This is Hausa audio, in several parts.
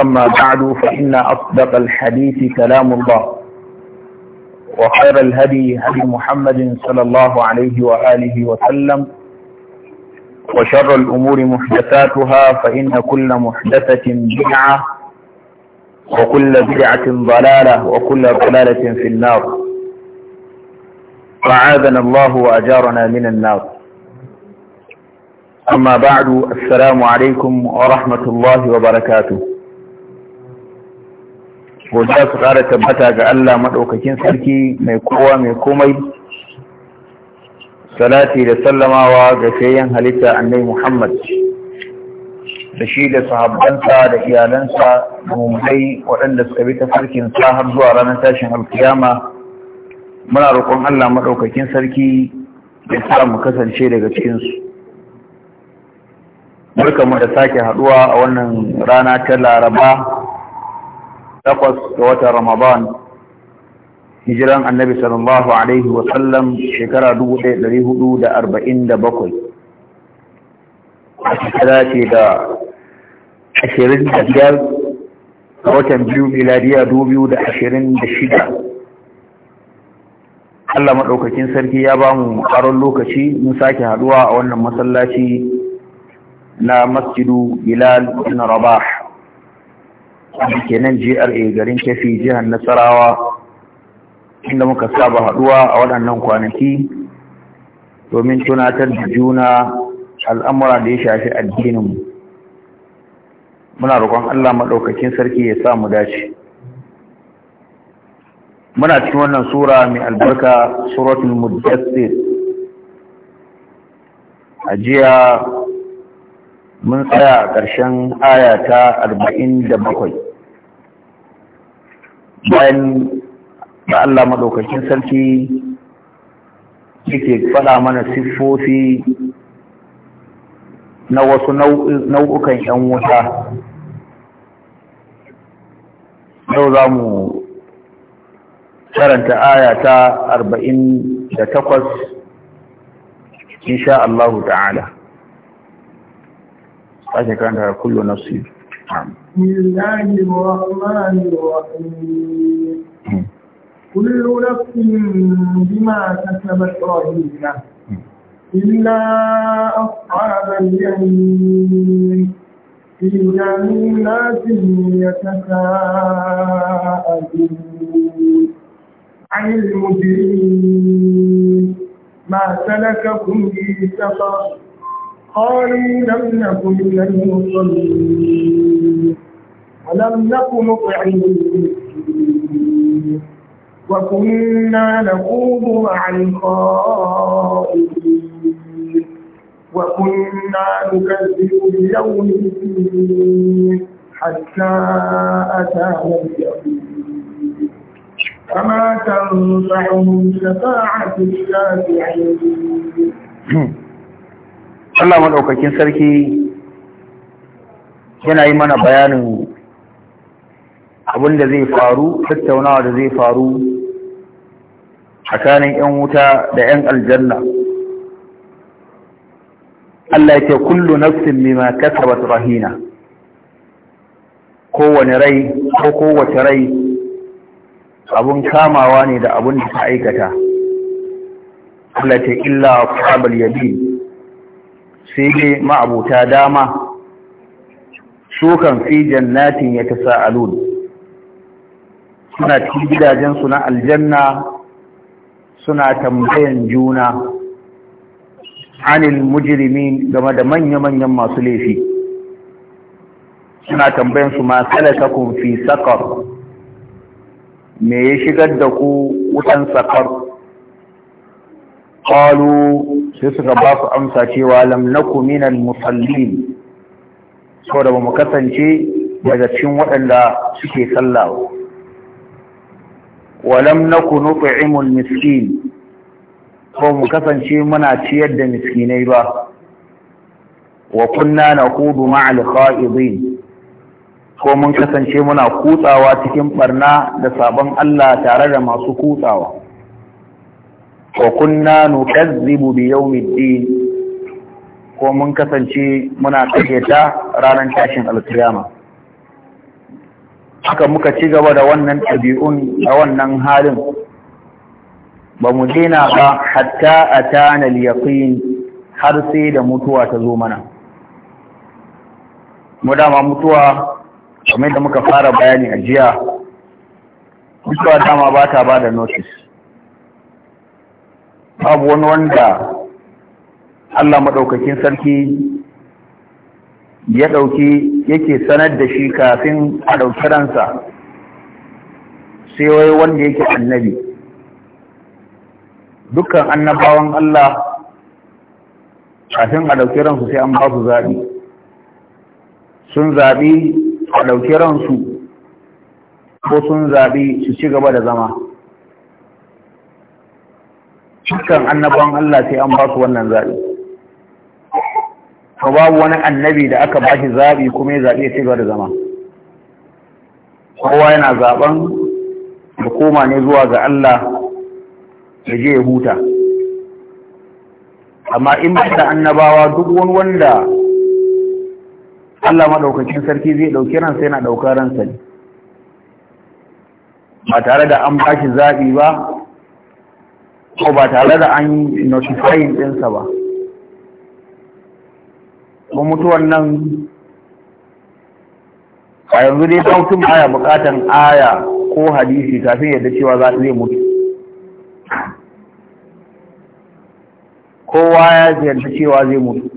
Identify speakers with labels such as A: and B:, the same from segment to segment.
A: أما بعد فإن أصدق الحديث كلام الله وخير الهدي هدي محمد صلى الله عليه وآله وسلم وشر الأمور محدثاتها فإن كل محدثة بدعة وكل بدعة ضلالة وكل ضلالة في النار فعاذنا الله وأجارنا من النار أما بعد السلام عليكم ورحمة الله وبركاته za su ƙara tabbata ga Allah maɗaukakin sarki mai kowa mai komai salati da sallamawa ga sayan halitta annai Muhammad da shi da sahabbansa da iyalansa da mummai waɗanda suka bi ta farkin har zuwa ranar tashin alkiyama muna roƙon Allah maɗaukakin sarki ya sa mu kasance daga cikinsu barkamu da sake haɗuwa a wannan rana ta laraba takwas ga watan Ramadan hijiran annabi sallallahu alaihi wasallam shekara 1447 a shekara ce da 25 ga watan biyu miladiya 2026 Allah maɗaukakin sarki ya ba mu ƙarar lokaci mun sake haɗuwa a wannan masallaci na masjidu Bilal na Rabah wanda ke nan GRA garin kefi jihar Nasarawa inda muka saba haduwa a waɗannan kwanaki domin tunatar da juna al'amura da ya shafi addininmu. Muna roƙon Allah maɗaukakin sarki ya mu dace. Muna cikin wannan Sura mai albarka, Suratul Mudassir. A jiya mun tsaya a ƙarshen aya ta arba'in da bakwai. bayan da Allah madaukakin sarki yake faɗa mana siffofi na wasu nau'ukan 'yan wuta yau za mu karanta aya ta arba'in da takwas insha Allah ta'ala. Ake karanta kullu nafsi. نعم بسم الله الرحمن الرحيم كل نفس بما كسبت رهينة إلا أصحاب اليمين في جنات يتساءلون عن المجرمين ما سلككم في سفر قالوا لم نكن من المصلين ولم نك نطعم وكنا نخوض مع الخائفين وكنا نكذب اليوم حتى أتاه كما تنفعهم شفاعة الشافعين Allah maɗaukakin sarki yana yi mana bayanin abin da zai faru tattaunawa da zai faru tsakanin 'yan wuta da 'yan aljanna
B: Allah ke kullu nafsin
A: bima kasabat rahina kowane rai ko kowace rai abun kamawa ne da abun da ta aikata Allah ta illa ashabal yamin sai dai ma'abuta dama shukan fi jannatin yatasaalun suna cikin gidajensu na aljanna suna tambayan juna anil mujrimin game da manya-manyan masu laifi suna tambayan su ma salakakum fi sakar me ya shigar da ku wutan sakar qalu sai suka ba su amsa cewa lam naku minal musallin saboda mu kasance daga cikin waɗanda suke sallawa. walam naku nut'imul miskin ko mu kasance muna ciyar da miskinai ba wa kunna kudu ma'al kha'idin ko mun kasance muna kutsawa cikin barna da sabon Allah tare da masu kutsawa wa kunna nukazzibu bi yawmiddin ko mun kasance muna kageta ranar tashin alkiyama haka muka ci gaba da wannan ɗabi'un a wannan halin ba mu dina ba hatta a tana yaƙin har sai da mutuwa ta zo mana mu dama mutuwa kamar da muka fara bayani a jiya mutuwa dama ba ta ba da notice babu wani wanda Allah maɗaukakin sarki ya ɗauki yake sanar da shi kafin a ɗauki ransa sai wai wanda yake annabi dukkan annabawan Allah kafin a ɗauki ransu sai an ba su zaɓi sun zaɓi a ɗauki ransu ko sun zaɓi su ci gaba da zama dukkan annabawan Allah sai an ba su wannan zaɓi Ka babu wani annabi da aka bashi zabi kuma ya zabi ya ci gaba da zama kowa yana zaban da koma ne zuwa ga Allah da je ya huta amma in ba da annabawa duk wani wanda Allah maɗaukacin sarki zai ɗauki ransa yana ɗaukar ransa ne ba tare da an bashi zaɓi ba ko ba tare da an notifying ɗinsa ba kuma mutuwan nan a yanzu dai kan mutum baya bukatan aya ko hadisi kafin yadda cewa za zai mutu kowa ya yarda cewa zai mutu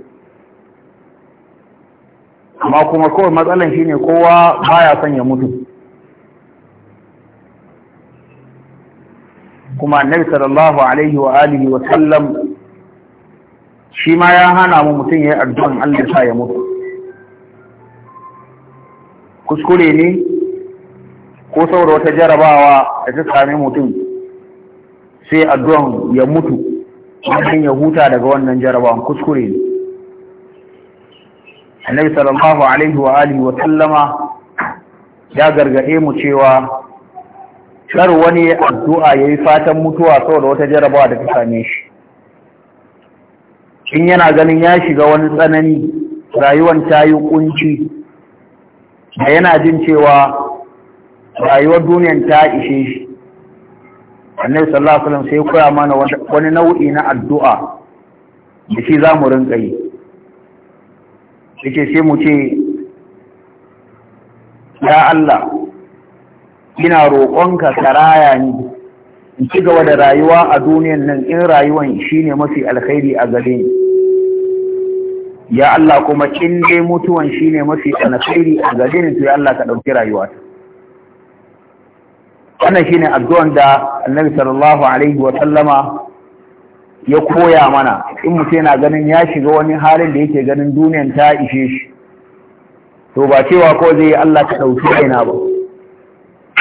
A: amma kuma kawai matsalan shine kowa baya son ya mutu kuma annabi sallallahu alaihi wa alihi wa sallam shi ma ya hana mu mutum ya yi addu'an Allah sa ya mutu kuskure ne ko saboda wata jarabawa da ta sami mutum sai addu'an ya mutu wajen ya huta daga wannan jarabawan kuskure ne annabi sallallahu alaihi wa alihi wa sallama ya gargaɗe mu cewa Shar wani addu'a ya yi fatan mutuwa saboda wata jarabawa da ta same shi in yana ganin ya shiga wani tsanani rayuwar ta yi kunci da yana jin cewa rayuwar duniyan ta ishe shi annabi sallallahu alaihi sai koya mana wani nau'i na addu'a da shi za mu rinka yi sai mu ce ya Allah ina roƙonka ka raya ni in ci gaba da rayuwa a duniyan nan in rayuwan shine mafi alkhairi a gare ni ya Allah kuma in dai mutuwan shine mafi alkhairi a gare ni to ya Allah ka ɗauki rayuwata wannan shine addu'an da Annabi sallallahu alaihi wa sallama ya koya mana in mutum yana ganin ya shiga wani halin da yake ganin duniyan ta ishe shi to ba cewa ko zai yi Allah ka ɗauki raina ba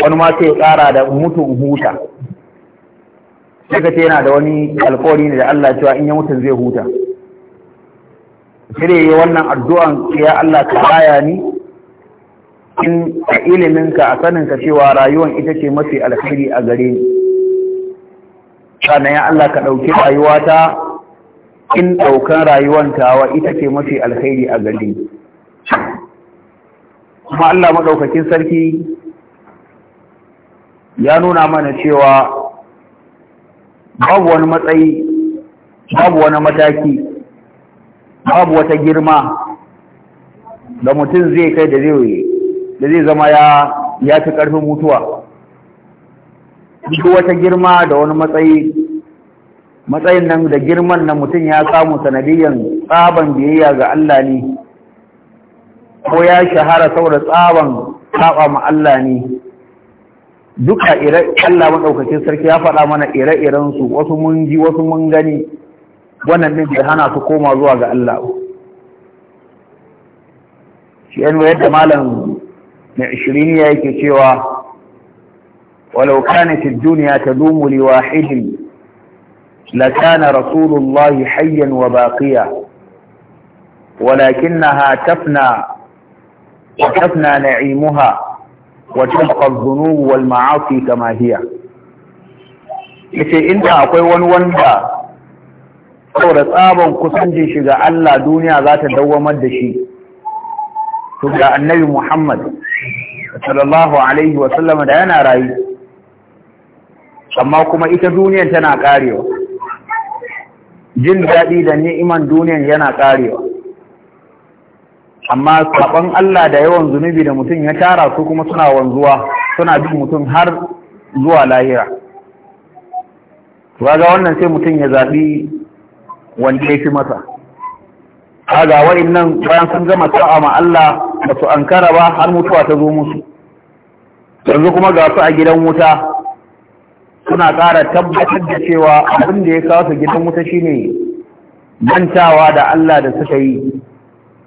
A: wani ma sai ya ƙara da mutum huta sai ka ce yana da wani alkawari ne da Allah cewa in ya mutu zai huta sai ya wannan addu'an ya Allah ka baya ni in a iliminka a saninka cewa rayuwan ita ce mafi alkhairi a gare ni sannan ya Allah ka ɗauki rayuwata in ɗaukan rayuwan tawa ita ce mafi alkhairi a gare ni kuma Allah maɗaukakin sarki ya nuna mana cewa babu wani matsayi babu wani mataki babu wata girma da mutum zai kai da zai da zai zama ya ya fi ƙarfin mutuwa duk wata girma da wani matsayi matsayin nan da girman nan mutum ya samu sanadiyyan tsaban biyayya ga Allah ne ko ya shahara saboda tsaban saba ma Allah ne duka ire Allah madaukakin sarki ya faɗa mana ire-iren su wasu mun ji wasu mun gani wannan ne bai hana su koma zuwa ga Allah shi an waye da malam na 20 yake cewa walau kana fi ولو كانت li تدوم la kana rasulullahi hayyan wa baqiya ولكنها tafna tafna نعيمها وتبقى الذنوب والمعاصي كما هي yace inda akwai wani wanda saboda tsaban kusancin shi ga Allah duniya za ta dawwamar da shi to ga annabi Muhammad sallallahu alaihi wa sallam da yana rayu amma kuma ita duniyar tana karewa jin daɗi da ni'iman duniyar yana karewa amma saban Allah da yawan zunubi da mutum ya tara su kuma suna wanzuwa suna bin mutum har zuwa lahira ga wannan sai mutum ya zaɓi wanda ya fi masa wa'in nan bayan sun gama sa'a ma Allah ba su ankara ba har mutuwa ta zo musu yanzu kuma ga su a gidan wuta suna ƙara tabbatar da cewa abin da ya kawo su gidan wuta shine mantawa da Allah da suka yi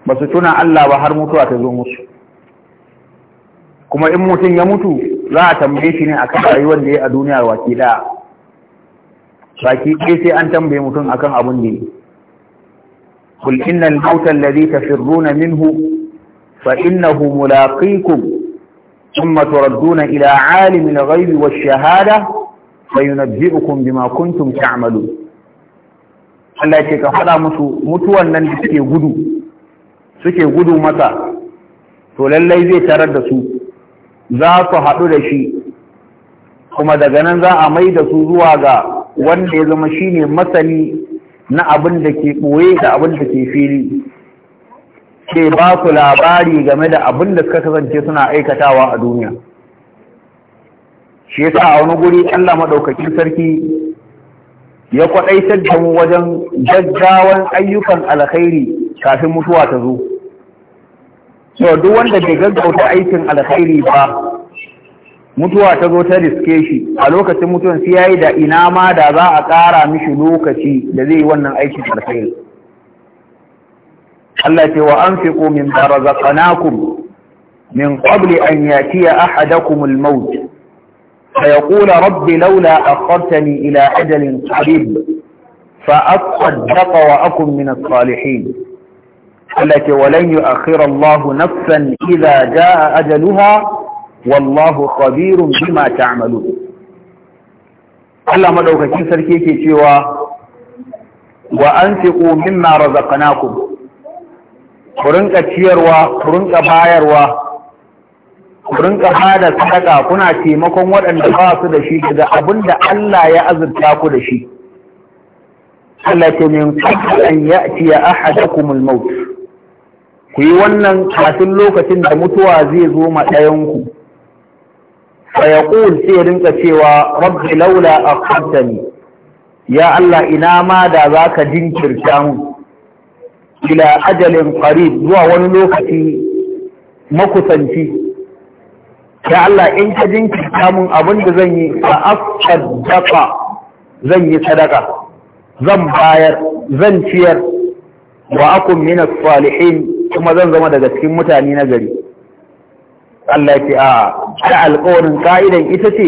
A: ba su tuna Allah ba har mutuwa ta zo musu kuma in mutum ya mutu za a tambaye shi ne akan rayuwar da ya a duniyar waki ɗaya baki ɗaya sai an tambaye mutum akan abin da ya kul innal mauta alladhi tafirruna minhu fa innahu mulaqikum alimi تردون إلى عالم الغيب والشهادة فينبئكم بما كنتم تعملون Allah ce ka faɗa musu mutuwan nan da suke gudu suke gudu masa to lallai zai tarar da su za su haɗu da shi kuma daga nan za a mai da su zuwa ga wanda ya zama shi ne masani na abin da ke ɓoye da abin da ke fili ke ba su labari game da abin da suka kasance suna aikatawa a duniya shi yasa a wani guri Allah maɗaukakin sarki ya kwaɗaitar da mu wajen gaggawan ayyukan alkhairi kafin mutuwa ta zo so duk wanda bai gaggauta aikin alkhairi ba mutuwa ta zo ta riske shi a lokacin mutuwan sai yayi da ina ma da za a ƙara mishi lokaci da zai yi wannan aikin alkhairi Allah ce wa anfiqu min barzaqnakum min qabli an yatiya ahadakum al-maut فيقول رب لولا أخرتني إلى أجل قريب فأصدق وأكن من الصالحين التي ولن يؤخر الله نفسا إذا جاء أجلها والله خبير بما تعملون Allah madaukakin sarki yake cewa wa anfiqu mimma razaqnakum
B: ku rinka ciyarwa ku rinka bayarwa
A: ku rinka bada sadaka kuna taimakon waɗanda ba su da shi daga abin da Allah ya azurta ku da shi Allah ce min qabl an ya'ti al-maut ku yi wannan kafin lokacin da mutuwa zai zo ma ɗayan ku fa yaqul sai rinka cewa rabbi laula akhartani ya Allah ina ma da zaka jinkirta mu ila ajalin qarib zuwa wani lokaci makusanci ya Allah in ka jinkirta mun abin da zan yi fa dafa zan yi sadaka zan bayar zan ciyar wa akun min salihin kuma zan zama daga cikin mutane na gari Allah ya ce a ta alƙawarin ka'idan ita ce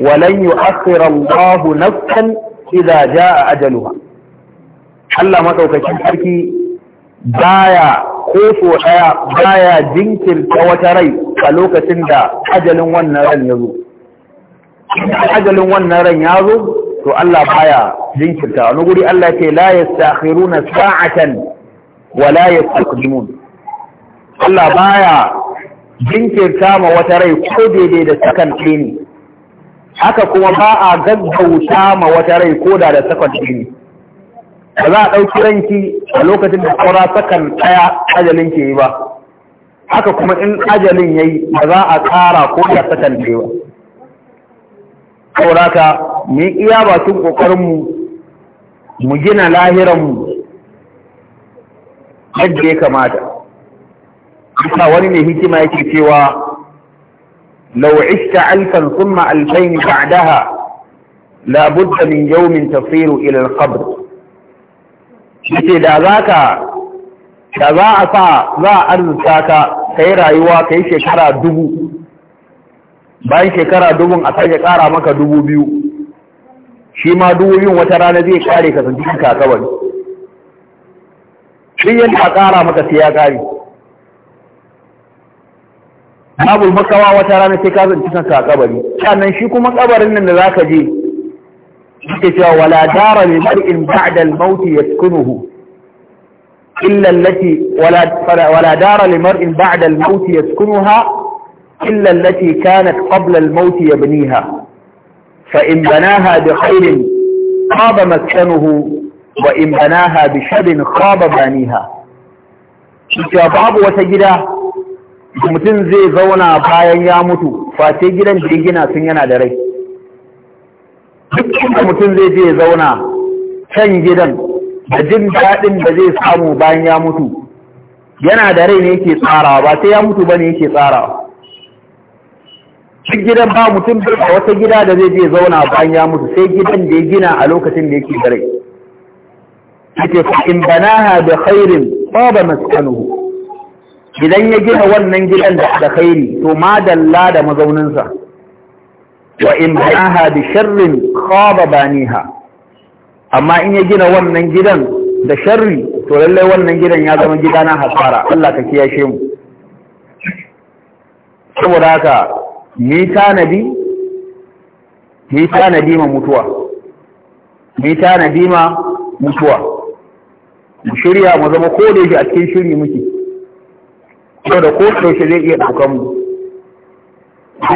A: walan yu'akhkhira Allahu nafsan a ajalu ajaluha Allah maɗaukacin sarki baya ko so ɗaya baya jinkirta wata rai a lokacin da ajalin wannan ran ya zo ajalin wannan ran ya zo to Allah baya jinkirta wani guri Allah ce la yastakhiruna sa'atan wa la yastaqdimun Allah baya jinkirta ma wata rai ko daidai da sakan ne haka kuma ba a gaggauta ma wata rai ko da da sakan ne ba za a ɗauki ranki a lokacin da saura sakan ɗaya ajalin ke yi ba haka kuma in ajalin ya yi ba za a ƙara ko ya sakan ɗaya ba sauraka mu iya bakin ƙoƙarinmu mu gina lahiranmu yadda ya kamata bisa wani mai hikima yake cewa لو عشت ألفا ثم ألفين labudda min من tasiru تصير إلى القبر yace da ka da za a sa za a arzuta ka yi rayuwa ka yi shekara dubu bayan shekara dubun a sake kara maka dubu biyu shi ma dubu biyun wata rana zai kare ka sun cikin kakabar shi yadda a kara maka sai ya kare babu makawa wata rana sai ka zanci kan kakabari sannan shi kuma kabarin nan da za ka je yake cewa wala dara li mar'in ba'da al-maut yaskunuhu illa allati wala wala dara li mar'in ba'da al-maut yaskunuha illa allati kanat qabla al-maut yabniha fa in banaha bi khairin khaba maskanuhu wa in banaha bi sharrin khaba baniha cewa babu wata gida mutum zai zauna bayan ya mutu face gidan da gina sun yana da rai duk inda mutum zai je zauna can gidan da jin daɗin da zai samu bayan ya mutu yana da rai ne yake tsarawa ba sai ya mutu ba ne yake tsarawa duk gidan ba mutum a wata gida da zai je zauna bayan ya mutu sai gidan da ya gina a lokacin da yake da rai ake fa'in banaha da khairin tsaba maskanuhu
B: idan ya gina wannan gidan da
A: khairi to madalla da mazauninsa wa in ba'aha bi sharrin khaba baniha amma in ya gina wannan gidan da sharri to lallai wannan gidan ya zama gida na hasara Allah ka kiyashe mu saboda haka ni tanadi ni tanadi ma mutuwa ni tanadi ma mutuwa mu shirya mu zama ko da yake a cikin shiri muke
B: saboda ko da shi zai iya
A: daukan mu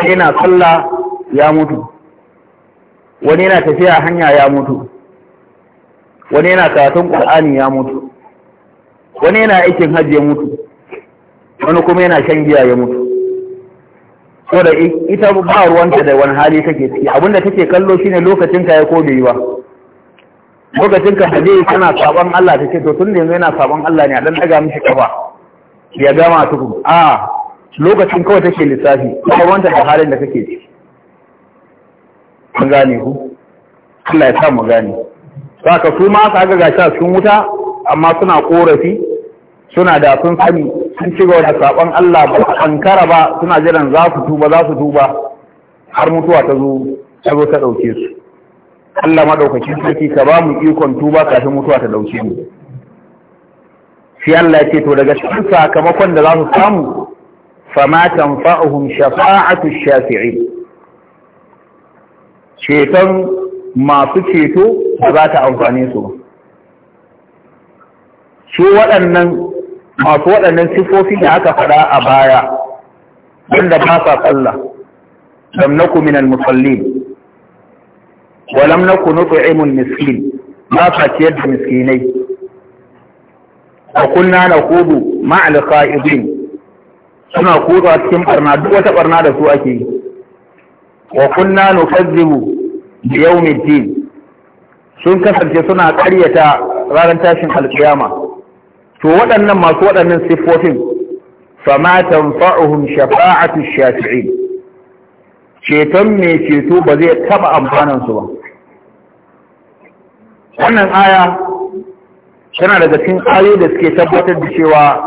A: ina sallah ya mutu wani yana tafiya hanya ya mutu wani yana karatun ƙul'ani ya mutu wani yana aikin hajji ya mutu wani kuma yana shan giya ya mutu so da ita ba ruwanta da wani hali take ciki abinda take kallo shine lokacin ka ya kome yi ba lokacin ka haje kana sabon Allah ta ce, to tun da yanzu yana sabon Allah ne a dan daga mishi kafa ya gama tukun a lokacin kawai take lissafi ba wanta da halin da kake ciki an gane ku Allah ya sa mu gane saka su ma aka ga shi a cikin wuta amma suna korafi suna da sun sani sun ci gaba da sabon Allah ba ankara ba suna jiran za su tuba za su tuba har mutuwa ta zo ta zo ta dauke su Allah madaukakin sarki ka ba mu ikon tuba kafin mutuwa ta dauke mu sai Allah ya ce to daga cikin sakamakon da za su samu fama tanfa'uhum shafa'atu shafi'in ceton masu ceto ba za ta amfani su ba su waɗannan masu waɗannan sifofi da aka faɗa a baya wanda ba sa sallah lam naku minal musallin wa lam naku nut'imul miskin ba sa ciyar da miskinai wa kunna naqudu ma'al qa'idin suna kudu cikin ɓarna duk wata ɓarna da su ake yi wa kunna nukazzibu bi sun kasance suna ƙaryata ranar tashin alkiyama to waɗannan masu waɗannan siffofin fama tanfa'uhum shafa'atu shafi'in ceton mai ceto ba zai taɓa amfanansu su ba wannan aya
B: tana daga cikin ayoyi
A: da suke tabbatar da cewa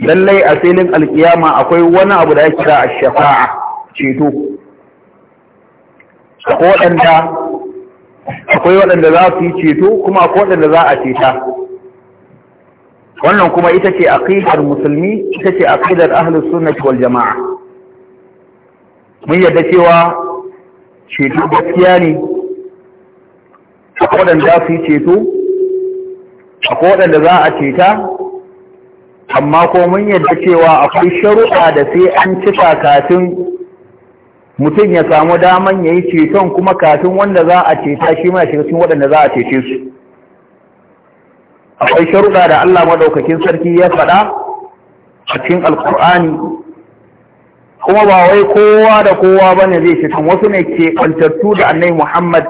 A: lallai a filin alkiyama akwai wani abu da ya kira a shafa'a ceto akwai waɗanda waɗanda za su yi ceto kuma akwai waɗanda za a ceta wannan kuma ita ce aqidar musulmi ita ce aqidar ahlus sunnah wal jamaa mun yadda cewa ceto gaskiya ne akwai waɗanda za su yi ceto akwai waɗanda za a ceta amma ko mun yadda cewa akwai sharuɗa da sai an cika kafin mutum ya samu daman ya yi ceton kuma kafin wanda za a ceta shi ma shiga cikin waɗanda za a cece su akwai sharuɗa da Allah maɗaukakin sarki ya faɗa a cikin Alƙur'ani kuma ba wai kowa da kowa ba ne zai ceton wasu ne ke kwantattu da annai muhammad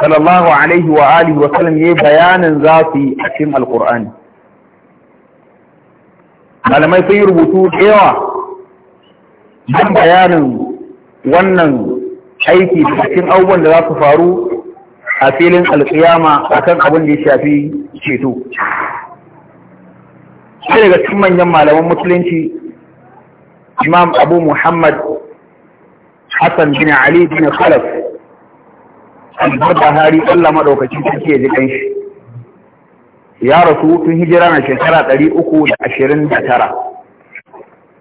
A: sallallahu alaihi wa alihi wa sallam ya yi bayanin za a cikin Alƙur'ani. malamai sun yi rubutu da yawa don bayanin wannan aiki cikin abubuwan da za su faru
B: a filin alƙiyama kan abin da ya shafi
A: ceto sai daga cikin manyan malaman musulunci imam abu muhammad hassan bin ali bin khalaf al-bahari allah maɗaukacin sarki ji kan shi. ya rasu tun hijira na shekara 329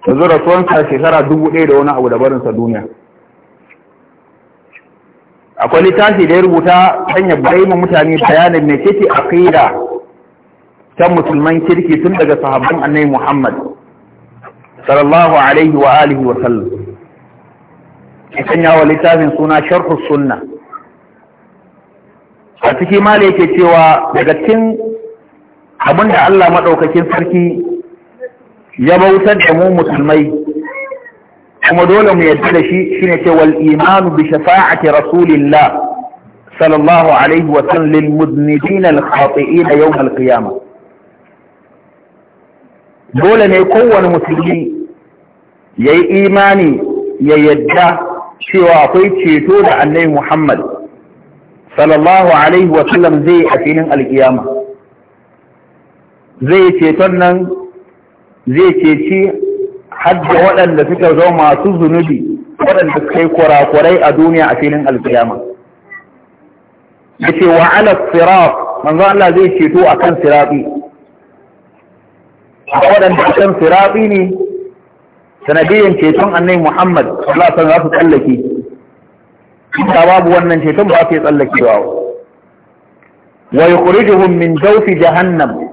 A: yanzu rasuwansa shekara dubu ɗaya da wani abu da barinsa duniya akwai littafi da ya rubuta sanya bayyana mutane bayanin mai ce aqida ta musulman kirki tun daga sahabban annabi Muhammad sallallahu alaihi wa alihi wa sallam
B: ya sanya wa littafin suna sharh sunna
A: a cikin mala yake cewa daga cikin abinda Allah madaukakin sarki ya bautar da mu musulmai kuma dole mu yadda da shi shine ce wal imanu bi shafa'ati rasulillah sallallahu alaihi wa sallam lil mudnidin al khati'in yawm al qiyamah dole ne kowane musulmi yayi imani ya yadda cewa akwai ceto da annabi Muhammad sallallahu alaihi wa sallam zai a filin alkiyama zai ceton nan zai ceci hadda waɗanda suka zo masu zunubi waɗanda suka yi kurakurai a duniya a filin alkiyama
B: da ce wa ala sirat manzo Allah zai ceto akan sirati
A: waɗanda akan sirati ne sanadiyan ceton annai Muhammad Allah san za su tsallake ta babu wannan ceton ba su yi tsallakewa wa yukhrijuhum min jawfi jahannam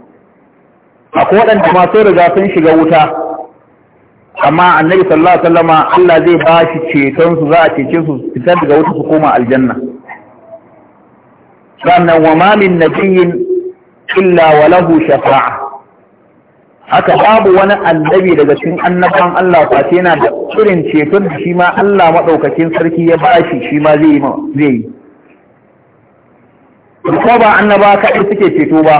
A: akwai waɗanda masu riga sun shiga wuta amma annabi sallallahu alaihi wasallama Allah zai ba shi ceton su za a cece su fitar daga wuta su koma aljanna sannan wa ma min nabiyyin illa wa lahu shafa'a haka babu wani annabi daga cikin annaban Allah face yana da irin ceton da shi ma Allah madaukakin sarki ya bashi shi ma zai yi ko ba annaba kaɗai suke ceto ba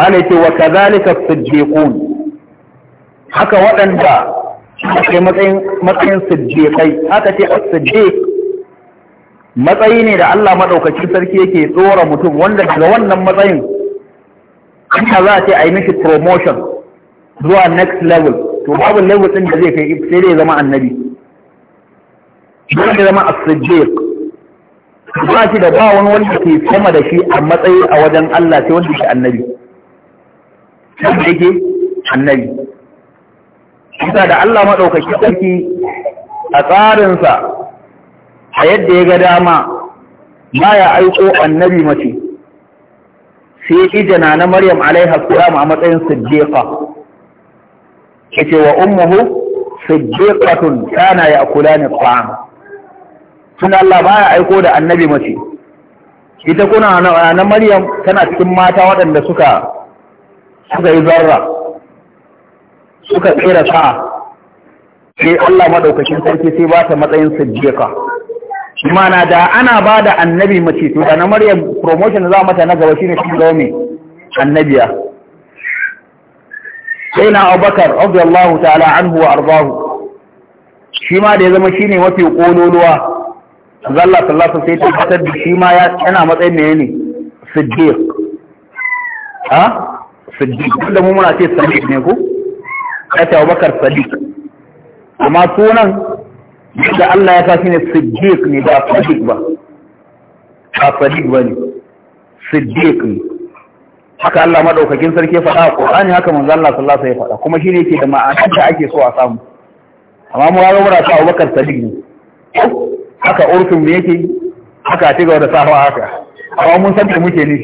A: malai ce wa kazalika siddiqun haka waɗanda suke matsayin siddiƙai haka ce a siddiƙ matsayi ne da Allah maɗaukacin sarki yake tsora mutum wanda daga wannan matsayin ana za a ce a yi mishi promotion zuwa next level to babu level ɗin da zai kai sai dai zama annabi zai zama a siddiƙ ba shi da ba wani wanda ke sama da shi a matsayi a wajen Allah sai wanda ke annabi. Sai da yake annabi. Isa da Allah maɗaukaki sarki a tsarinsa a yadda ya ga dama ma ya aiko annabi mace sai ijana na Maryam alaiha salam a matsayin siddiqa ce wa ummuhu siddiqatun kana ya'kulani ta'am tun Allah ba ya aiko da annabi mace ita kuna na Maryam tana cikin mata waɗanda suka suka yi zarra suka tsira sa'a sai Allah maɗaukacin sarki sai ba ta matsayin sajjeka mana da ana ba da annabi mace to da na maryam promotion za mata na gaba shine shi zaune annabiya sai na abubakar radiyallahu ta'ala anhu wa ardahu shi ma da ya zama shine mafi kololuwa zalla sallallahu alaihi wasallam sai ta da shi ma yana matsayin menene siddiq ha siddiq da mu muna ce sadiq ne ko ya ce Abubakar Sadiq
B: amma sunan
A: da Allah ya sa ne Siddiq ne ba Sadiq ba ba Sadiq ba ne Siddiq ne haka Allah madaukakin sarki ya faɗa a Qur'ani haka manzo Allah sallallahu alaihi wasallam ya faɗa kuma shine yake da ma'anar da ake so a samu amma mu ga mura ta Abubakar Sadiq ne haka urfin me yake haka ci gaba da sahawa haka amma mun san da muke ne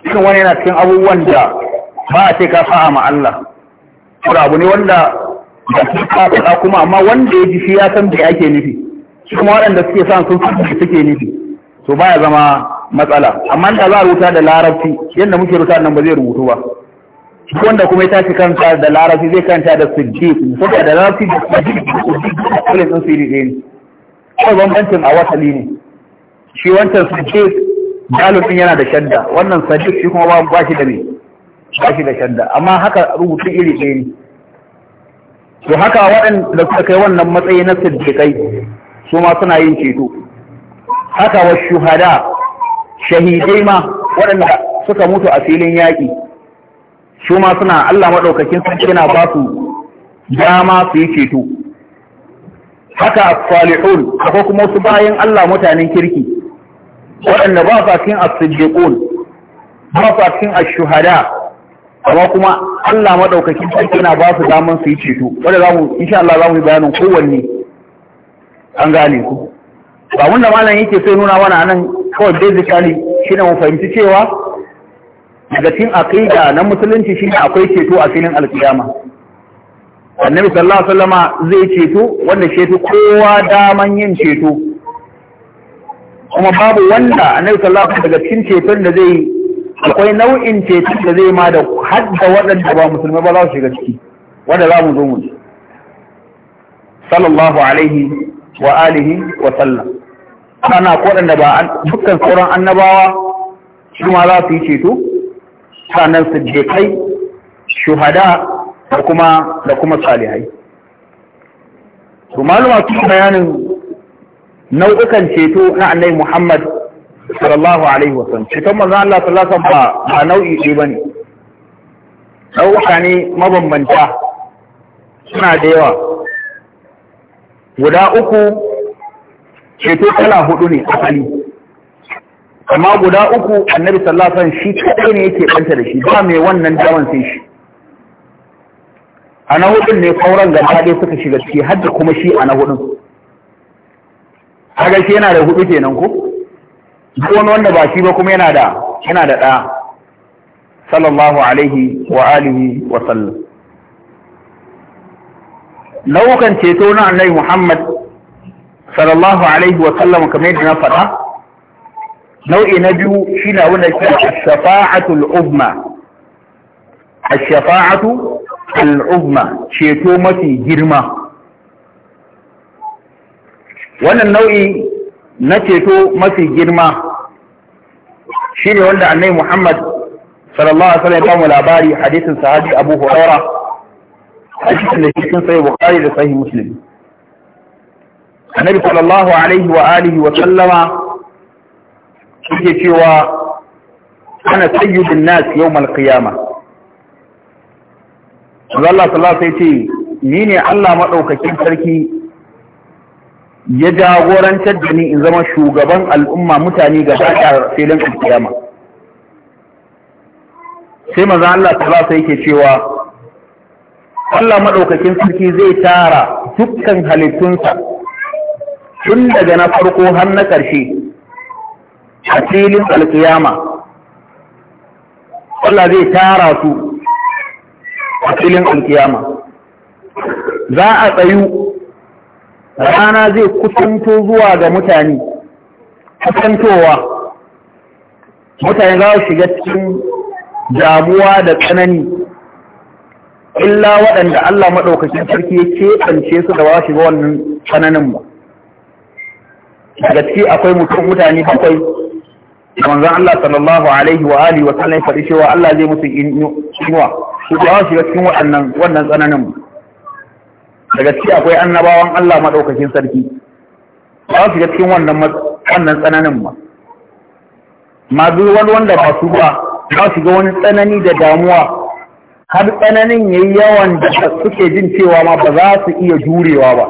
A: cikin wani yana cikin abubuwan da ba a ce ka fa'a ma Allah kuma abu ne wanda da su ka faɗa kuma amma wanda ya ji shi ya san da ake nufi shi kuma waɗanda suke sa sun san da suke nufi to baya zama matsala amma da za a rubuta da larabci yadda muke rubuta nan ba zai rubutu ba shi wanda kuma ya tashi kansa da larabci zai kanta da siddiq saboda da larabci da siddiq da kullu sun siri ɗaya ne kawai bambancin a wasali ne shi wancan siddiq dalilin yana da shadda wannan siddiq shi kuma ba shi da ne ba shi da shadda amma haka rubutu iri ɗaya ne to haka waɗanda suka kai wannan matsayi na siddiƙai su ma suna yin ceto haka wa shuhada shahidai ma waɗanda suka mutu a filin yaƙi su ma suna Allah maɗaukakin sarki yana ba su dama su yi ceto haka as-salihun kuma su bayan Allah mutanen kirki waɗanda ba sa cikin as-siddiqun ba sa cikin ash-shuhada amma kuma Allah maɗaukakin sarki yana ba su daman su yi ceto wanda za mu insha Allah za mu yi bayanin kowanne an gane ku ba wanda malam yake sai nuna mana nan kawai basically shine mu fahimci cewa daga cikin aqida na musulunci shine akwai ceto a filin alkiyama annabi sallallahu alaihi wasallama zai ceto wanda ceto kowa daman yin ceto kuma babu wanda annabi sallallahu alaihi wasallam daga cikin ceton da zai akwai nau'in ceto da zai ma da hadda waɗanda ba musulmi ba za su shiga ciki wanda za mu zo mu sallallahu alaihi wa alihi wa sallam ana ko waɗanda ba dukkan sauran annabawa shi ma za su yi ceto sannan su je kai shuhada da kuma da kuma salihai to maluma su bayanin nau'ukan ceto na annabi Muhammad sallallahu alaihi wasallam cikin manzo Allah sallallahu alaihi wasallam ba nau'i ɗaya bane ɗauka ne mabambanta suna da yawa guda uku ceto kala hudu ne a asali amma guda uku annabi sallallahu alaihi wasallam shi kadai ne yake banta da shi ba mai wannan daman sai shi a na hudun ne sauran gaba dai suka shiga ciki har da kuma shi a na hudun kaga shi yana da hudu kenan ko duk wani wanda ba shi ba kuma yana da yana da ɗa sallallahu alaihi wa alihi wa sallam nau'ukan ceto na annabi Muhammad sallallahu alaihi wa sallam kamar yadda na faɗa nau'i na biyu shine wanda ke shafa'atul uzma shafaatu al ceto mafi girma wannan nau'i na ceto mafi girma shi ne wanda annai Muhammad sallallahu alaihi wasallam ya bamu labari hadisin sahabi Abu Huraira hadisin da cikin sai Bukhari da sahih Muslim annabi sallallahu alaihi wa alihi wa sallama yake cewa ana sayyidun nas yawmal qiyama Allah sallallahu alaihi ce ni ne Allah madaukakin sarki ya jagorantar da ni in zama shugaban al'umma mutane ga a filin alkiyama sai maza Allah ta ba sai cewa Allah maɗaukakin sarki zai tara dukkan halittunsa tun daga na farko har na ƙarshe a filin alkiyama Allah zai tara su a filin alkiyama za a tsayu rana zai kusanto zuwa ga mutane kusantowa mutane za su shiga cikin damuwa da tsanani illa waɗanda Allah maɗaukacin sarki ya keɓance su da ba shiga wannan tsananin ba daga ciki akwai mutum mutane bakwai da manzon Allah sallallahu alaihi wa alihi wa sallam faɗi cewa Allah zai musu inuwa su ba shiga cikin waɗannan wannan tsananin ba daga ciki akwai annabawan Allah maɗaukakin sarki ba su ga cikin wannan wannan tsananin ba masu wani wanda ba su ba ba su ga wani tsanani da damuwa har tsananin yayi yawan da suke jin cewa ma ba za su iya jurewa ba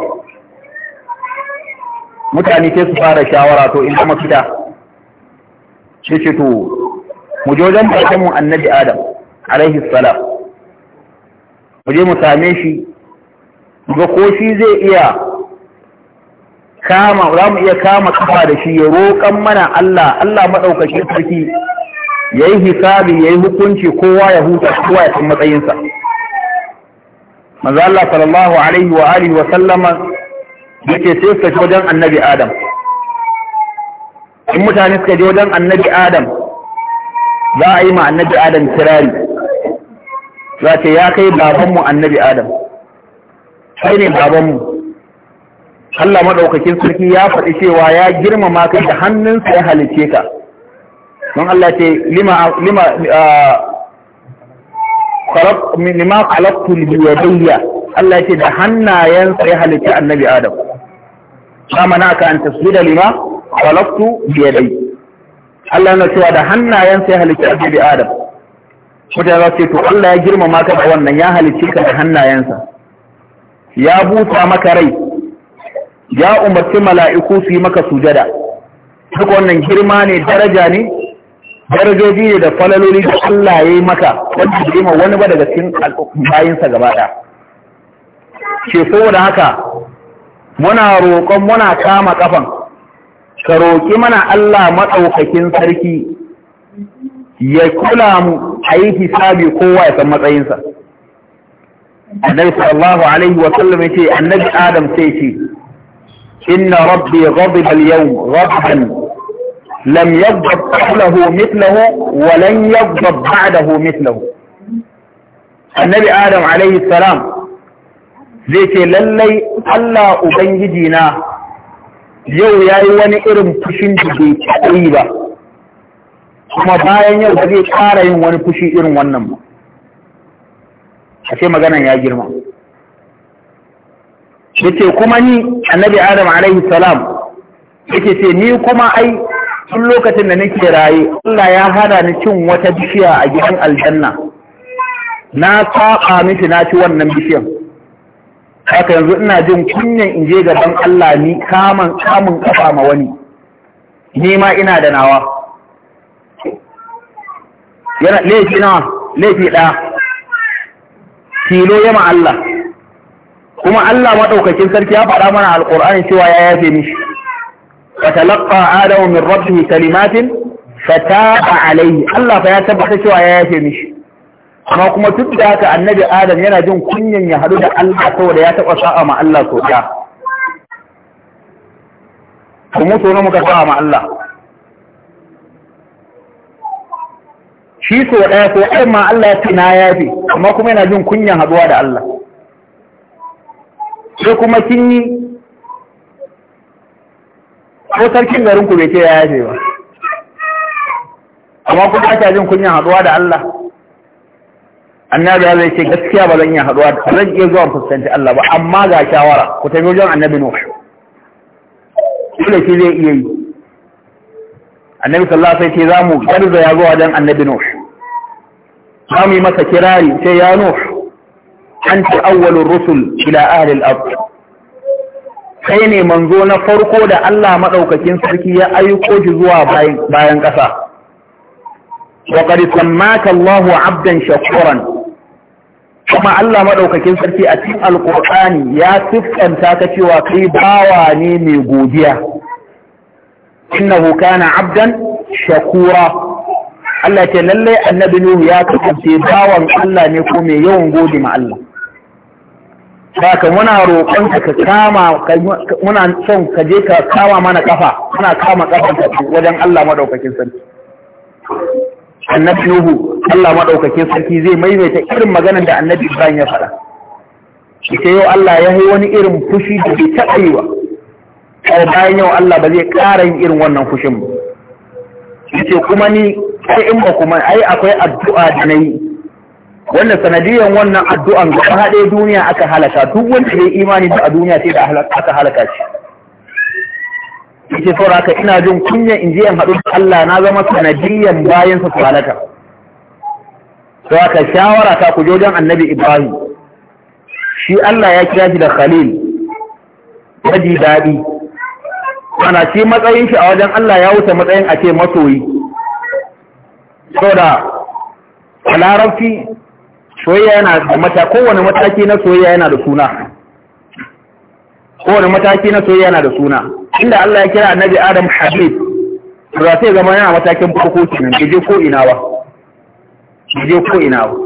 A: mutane sai su fara shawara to in kuma fita shi ce to mu je wajen farkon annabi Adam alaihi salam mu je mu same shi ga ko shi zai iya kama za mu iya kama kafa da shi ya roƙan mana Allah Allah maɗaukaki sarki ya yi hisabi ya yi hukunci kowa ya huta kowa ya san matsayinsa manzo Allah sallallahu alaihi wa alihi wa sallama yake sai suka wajen annabi Adam in mutane suka je wajen annabi Adam za a yi ma annabi Adam kirari za ce ya kai babanmu annabi Adam kai ne babanmu Allah madaukakin sarki ya faɗi cewa ya girmama kai da hannunsa ya halice ka don Allah ce lima lima khalaq lima khalaqtu biyadayya Allah ce da hannayensa ya halice annabi Adam kama na ka an tasbida lima khalaqtu biyadayya Allah na cewa da hannayensa ya halice annabi Adam mutane za su ce to Allah ya girmama ka da wannan ya halice ka da hannayensa ya buta maka rai ya umarci mala'iku su yi maka sujada duk wannan girma ne daraja ne darajoji ne da falaloli da Allah ya yi maka wanda bai girma wani ba daga cikin bayansa gaba ɗaya ce saboda haka muna roƙon muna kama ƙafan, ka roƙi mana Allah matsaukakin sarki ya kula mu a yi hisabi kowa ya san matsayinsa annabi sallallahu alaihi wa sallam yace annabi adam sai ce inna rabbi ghadiba al-yawm ghadaban lam yaghdab qablahu mithluhu wa lan yaghdab ba'dahu mithluhu annabi adam alaihi salam zai ce lallai Allah ubangiji na yau ya yi wani irin fushin da bai taɓa yi ba
B: kuma bayan yau ba zai ƙara
A: yin wani fushi irin wannan ba a ce maganan ya girma yace kuma ni annabi adam alaihi salam yake ce ni kuma ai tun lokacin da nake raye Allah ya hada ni cin wata bishiya a gidan aljanna na saba miki na ci wannan bishiyan haka yanzu ina jin kunyan in je gaban Allah ni kaman kamun kafa ma wani ni ma ina da nawa yana laifi na laifi ɗaya filo ya ma Allah kuma Allah maɗaukakin sarki ya fada mana alqur'ani cewa ya yafe mishi fatalaqqa adamu min rabbih kalimatin fataba alayhi Allah fa ya tabbata cewa ya yafe mishi amma kuma duk da haka annabi Adam yana jin kunyan ya hadu da Allah saboda ya taba sa'a ma Allah so da kuma mutu ne muka sa'a ma Allah shi so ɗaya ko ai ma Allah ya ce na yafe amma kuma yana jin kunyan haɗuwa da Allah sai kuma kin yi
B: ko sarkin garin
A: ku bai ce ya yafe ba amma kuma aka jin kunyan haɗuwa da Allah annabi ya zai ce gaskiya ba zan iya haɗuwa da zan iya zuwa fuskanci Allah ba amma ga shawara ku tafi wajen annabi Nuh dole shi zai iya yi annabi sallallahu alaihi wasallam sai ce za mu garza ya zuwa wajen annabi Nuh za mu yi masa kirari sai ya nuhu an ta rusul ila ahlil ard Sai ne manzo na farko da Allah maɗaukakin sarki ya aiko shi zuwa bayan ƙasa wa qad sammaka 'abdan shakuran kuma Allah maɗaukakin sarki a cikin alqur'ani ya siffanta ka cewa kai bawa ne mai godiya innahu kana 'abdan
B: shakura
A: Allah ce lallai annabi Nuhu ya kasance bawan Allah ne ko mai yawan gode ma Allah
B: saka muna
A: roƙon ka kama muna son ka je ka kama mana kafa muna kama kafan ka wajen Allah madaukakin sarki
B: annabi Nuhu Allah madaukakin
A: sarki zai maimaita irin maganar da annabi Ibrahim ya faɗa ita yau Allah ya yi wani irin fushi da bai taɓa yi wa bayan yau Allah ba zai ƙara yin irin wannan fushin ba yace kuma ni sai in ba kuma ai akwai addu'a da nayi Wannan sanadiyan wannan addu'an gaba haɗe duniya aka halaka duk wanda ya imani da a duniya sai da aka halaka shi yake saura ka ina jin kunya in je in haɗu da Allah na zama sanadiyan bayan su halaka to aka shawara ta ku jojan annabi Ibrahim shi Allah ya kira shi da Khalil wadi dadi. ana shi matsayin shi a wajen Allah ya wuce matsayin a masoyi saboda a larabci soyayya yana da mata kowane mataki na soyayya yana da suna kowane mataki na soyayya yana da suna inda Allah ya kira annabi Adam Habib to sai zama yana matakin farko kenan bai ko ina ba bai ko ina ba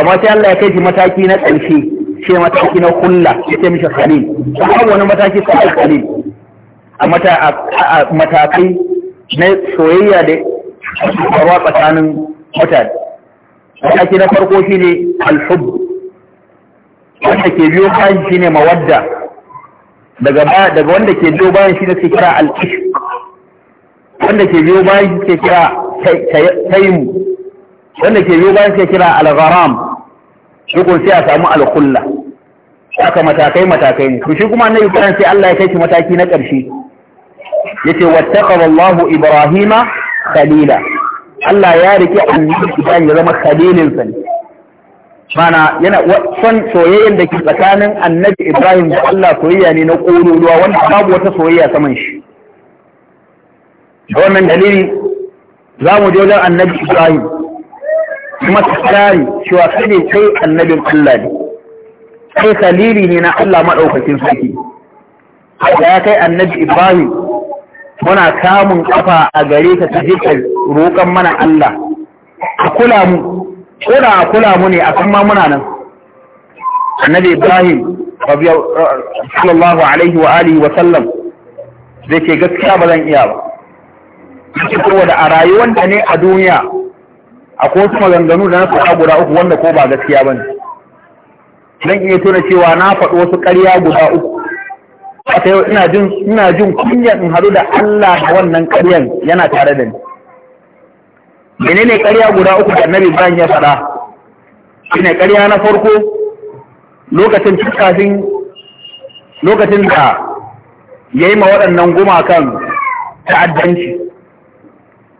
A: amma sai Allah ya kai shi mataki na ƙarshe shi mataki na kulla ya mishi khalil ba wani mataki sai khalil a matakai na soyayya da faruwa tsakanin mutane mataki na farko shi shine alhub wanda ke biyo bayan ne mawadda daga wanda ke biyo bayan shine suke kira al-ishq wanda ke biyo bayan suke kira taimu. wanda ke biyo bayan suke kira al-gharam dukun sai a samu al-khulla haka matakai matakai ne to shi kuma yi Ibrahim sai Allah ya kai shi mataki na ƙarshe Ya yace wattaqallahu ibrahima khalila Allah ya rike annabi Ibrahim ya zama khalilin sa ne mana yana son soyayyen da ke tsakanin annabi Ibrahim da Allah soyayya ne na ƙololuwa wanda babu wata soyayya saman shi da wannan dalili za mu je wajen annabi Ibrahim kuma tsakari cewa kai ne kai annabin Allah ne kai khalili ne na Allah maɗaukakin sarki haka ya kai annabi Ibrahim muna kamun kafa a gare ka ta jika roƙon mana Allah a kula mu Kuna a kula mu ne a kan ma muna nan annabi Ibrahim sallallahu alaihi wa alihi wa sallam zai ce gaskiya ba zan iya ba yake kowa da a rayuwar da ne a duniya akwai wasu maganganu da na faɗa guda uku wanda ko ba gaskiya ba ne zan iya tuna cewa na faɗo wasu ƙarya guda uku ta yau ina jin ina jin in haɗu da Allah da wannan ƙaryan yana tare da ni menene ƙarya guda uku da Annabi Ibrahim ya faɗa shine ƙarya na farko lokacin kafin lokacin da yayi ma waɗannan gumakan ta'addanci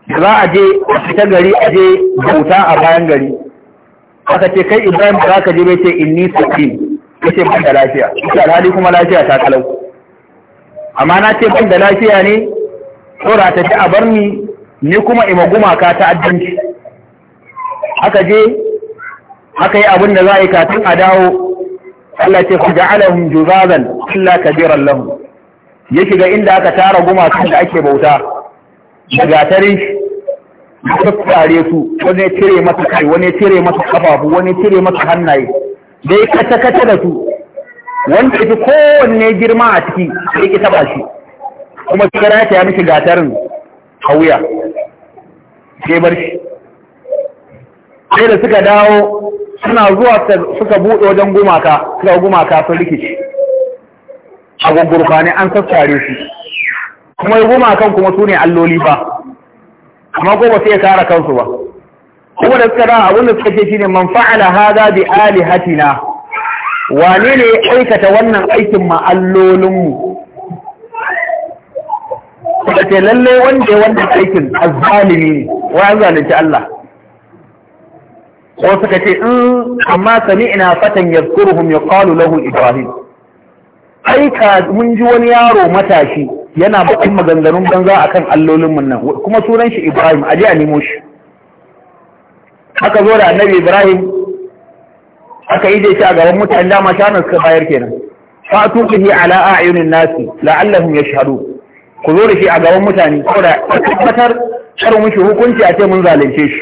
A: da za a je a fita gari a je bauta a bayan gari aka ce kai Ibrahim ba za ka je bai ce inni sakin ce ba da lafiya alhali kuma lafiya ta kalau amma na ce ban da lafiya ne tsora ta ci a bar ni ni kuma ima gumaka ta addinci aka je aka yi abin da za a yi kafin a dawo Allah ce ku ja'alahum juzazan illa kabiran lahum ya shiga inda aka tara gumakan da ake bauta da gatarin shi tsare su wani cire masa kai wani cire masa kafafu wani cire masa hannaye dai kaca kata da su wanda fi kowanne girma a ciki sai ki taɓa shi kuma ki gara ya mishi gatarin hauya sai bar shi sai da suka dawo suna zuwa suka buɗe wajen gumaka suka gumaka sun rikici a ne an sassare shi kuma gumakan kuma su ne alloli ba amma ko ba sai ya kara kansu ba kuma da suka da abinda suka ce ne man fa'ala za bi alihatina wane ne ya aikata wannan aikin ma'allolinmu
B: kuma ce lalle wanda ya wannan aikin zalimi ne wa zalunci
A: Allah ko suka ce in mm, amma sami ina fatan ya kwalu lahu ibrahim Aika mun ji wani yaro matashi yana bakin maganganun banza akan allolinmu nan kuma sunan shi ibrahim ji a nemo shi Haka zo da annabi ibrahim aka yi zai a gaban mutane dama shanar suka bayar kenan fa tuqihi ala a'yunin nasi la'allahum yashhadu ku zo da shi a gaban mutane saboda a tabbatar karin mushi hukunci a ce mun zalunce shi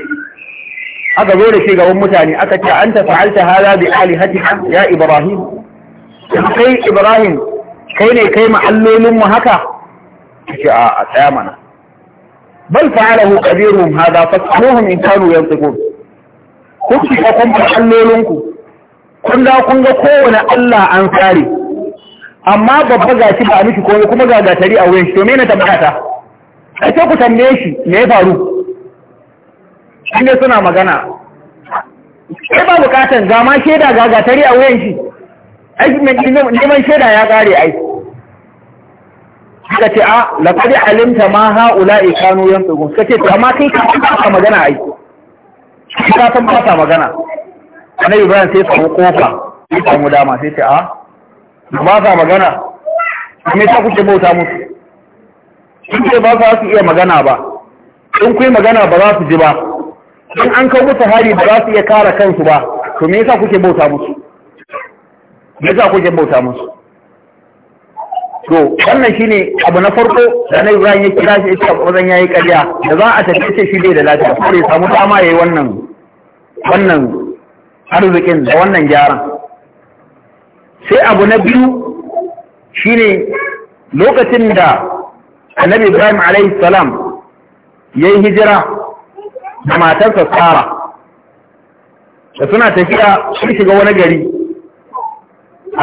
A: aka zo da shi gaban mutane aka ce anta fa'alta hada bi alihatika ya ibrahim kai ibrahim kai ne kai ma'allolin mu haka kace a a tsaya mana bal fa'alahu kabiruhum hada fasaluhum in kanu yantiqun kuki fa kun ma'allolin ku kunga kunga kun ga kowane Allah an tsare amma babba ga shi ba a miki komai kuma ga gatari a wurin shi to me na tabbata ta sai ku tambaye shi me ya faru shi ne suna magana sai ba bukatan ga ma shaida ga gatari a wurin shi aiki mai neman shaida ya kare ai suka ce a ah, laqad alimta ma haula ikanu yanfiqun suka ce to amma kai ka magana ai ka san ba magana annabi bayan sai samu kofa sai samu dama sai ce a ah, ba sa magana me ta kuke bauta musu in ce ba sa su iya magana ba in kuyi magana ba za su ji ba in an kawo musu hari ba za su iya kara kansu ba to me yasa kuke bauta musu me yasa kuke bauta musu to wannan shine abu na farko da na Ibrahim ya kira shi ita wajen yayi ƙarya da za a tafi ce shi dai da lafiya Kuma ya samu dama yayi wannan wannan arzikin da wannan gyaran sai abu na biyu shine lokacin da annabi ibrahim alaihi salam ya yi hijira
B: da matarsa tsara
A: da suna tafiya sun shiga wani gari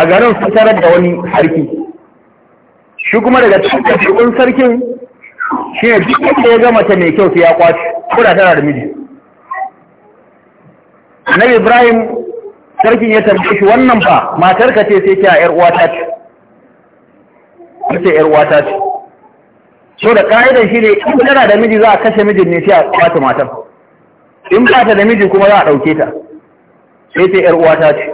A: a garin sun tarar da wani sarki shi kuma daga cikin sarkin shi ne duk wanda ya ga mace mai kyau sai ya kwace ko da tana da miji annabi ibrahim sarkin ya tambaye shi wannan ba, matar ka ce sai ki a yar uwata ce ce yar uwata ce so da ka'idan shi ne in tana da miji za a kashe mijin ne sai a kwata matar in ba ta da miji kuma za a ɗauke ta sai ta yar uwata ce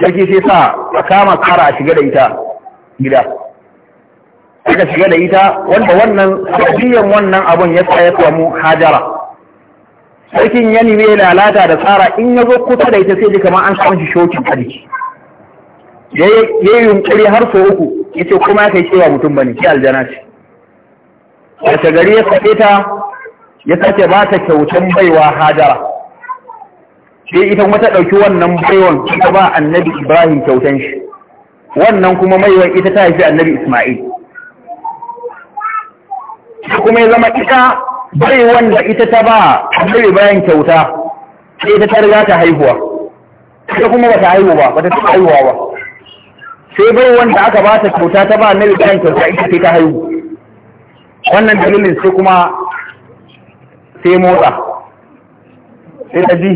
A: sarki sai sa a kama kara a shiga da ita gida aka shiga da ita wanda wannan sabiyan wannan abun ya sa ya samu hajara sarkin ya nime lalata da tsara in ya zo kusa da ita sai ji kamar an samun shi shokin a ya yi yunkuri har so uku ya ce kuma ya kai cewa mutum bane shi aljana ce wace gari ya sake ta ya sake ba ta kyautan baiwa hajara sai ita wata ɗauki wannan baiwan ita ba annabi ibrahim kyautan shi wannan kuma maiwan ita ta haifi annabi isma'il kuma ya zama ita bai wanda ita ta ba annabi bayan kyauta sai ita ta riga ta haihuwa ta kuma ta haihu ba bata ta haihuwa ba sai bai wanda aka ba ta kyauta ta ba annabi bayan kyauta ita sai ta haihu wannan dalilin sai kuma sai motsa sai ta ji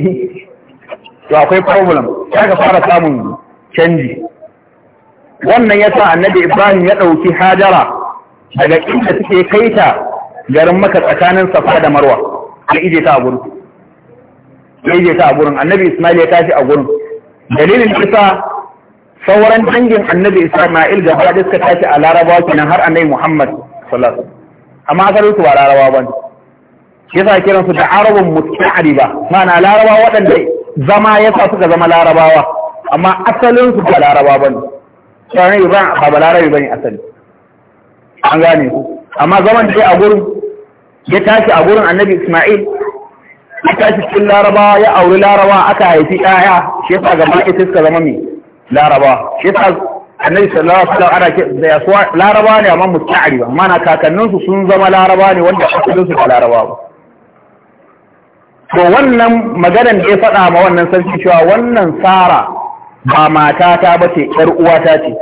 A: to akwai problem Sai ka fara samun canji wannan ya sa annabi ibrahim ya ɗauki hajara daga inda suke kaita garin maka tsakanin safa da marwa ya ije ta a gurin ya ije ta a gurin annabi ismail ya tashi a gurin dalilin isa sauran dangin annabi ismail ga da suka tashi a larabawa kenan har annabi muhammad sallallahu alaihi amma asalin su ba larabawa ba ne yasa kiran su da arabun musta'riba ma'ana larabawa waɗanda zama yasa suka zama larabawa amma asalin su ba larabawa ba ne sai ne ba ba larabi bane asali an gane ku amma zaman da ya a gurin ya tashi a gurin annabi Ismail ya tashi cikin laraba ya auri laraba aka haifi ɗaya shi yasa gaba ɗaya suka zama mai laraba shi yasa annabi sallallahu alaihi wasallam ana ke da suwa laraba ne amma musta'ari ba mana kakannin su sun zama laraba ne wanda asalin su da laraba ba to wannan maganar da ya faɗa ma wannan sarki cewa wannan Sara ba matata ba ce ƴar uwata ce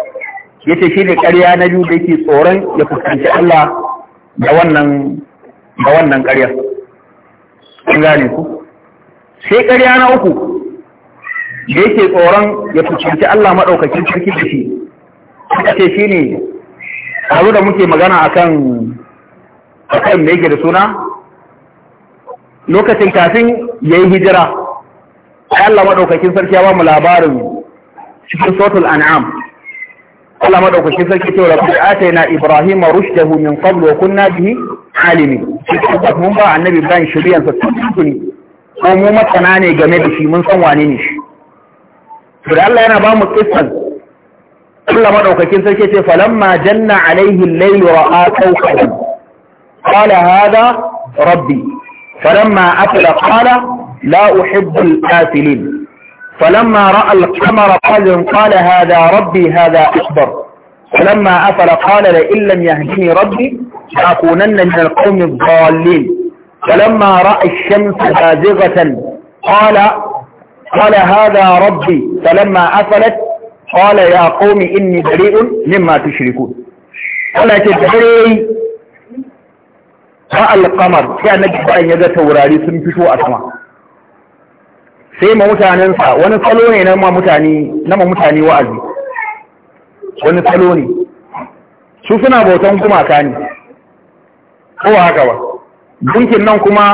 A: yace ne ƙarya na biyu da yake tsoron ya fuskanci Allah da wannan da wannan ƙarya kun gane ku sai ƙarya na uku da yake tsoron ya fuskanci Allah madaukakin sarki da shi shi ne abu da muke magana akan akan da yake da suna lokacin kafin yayi hijira Allah madaukakin sarki ya ba mu labarin cikin suratul an'am Allah madaukakin sarki cewa laqad ataina Ibrahim rushdahu min qablu wa kunna bihi alimi mun ba annabi ban shiriyan sa tun ko mu matsana ne game da shi mun san wane ne shi to Allah yana ba mu kissan Allah madaukakin sarki ce falamma janna alaihi al-layl ra'a kawkaban qala hada rabbi falamma afla qala la uhibbu al-afilin فلما رأى القمر قال قال هذا ربي هذا أكبر فلما أفل قال لئن لم يهدني ربي لأكونن من القوم الضالين فلما رأى الشمس بازغة قال قال هذا ربي فلما أفلت قال يا قوم إني بريء مما تشركون قال تدري رأى القمر كان يعني أن يذا توراري سنفشوا أسمع sai ma mutanensa wani salo ne na ma mutane wa'azi wani salo ne su suna bautan kuma ka ne ko haka ba dinkin nan kuma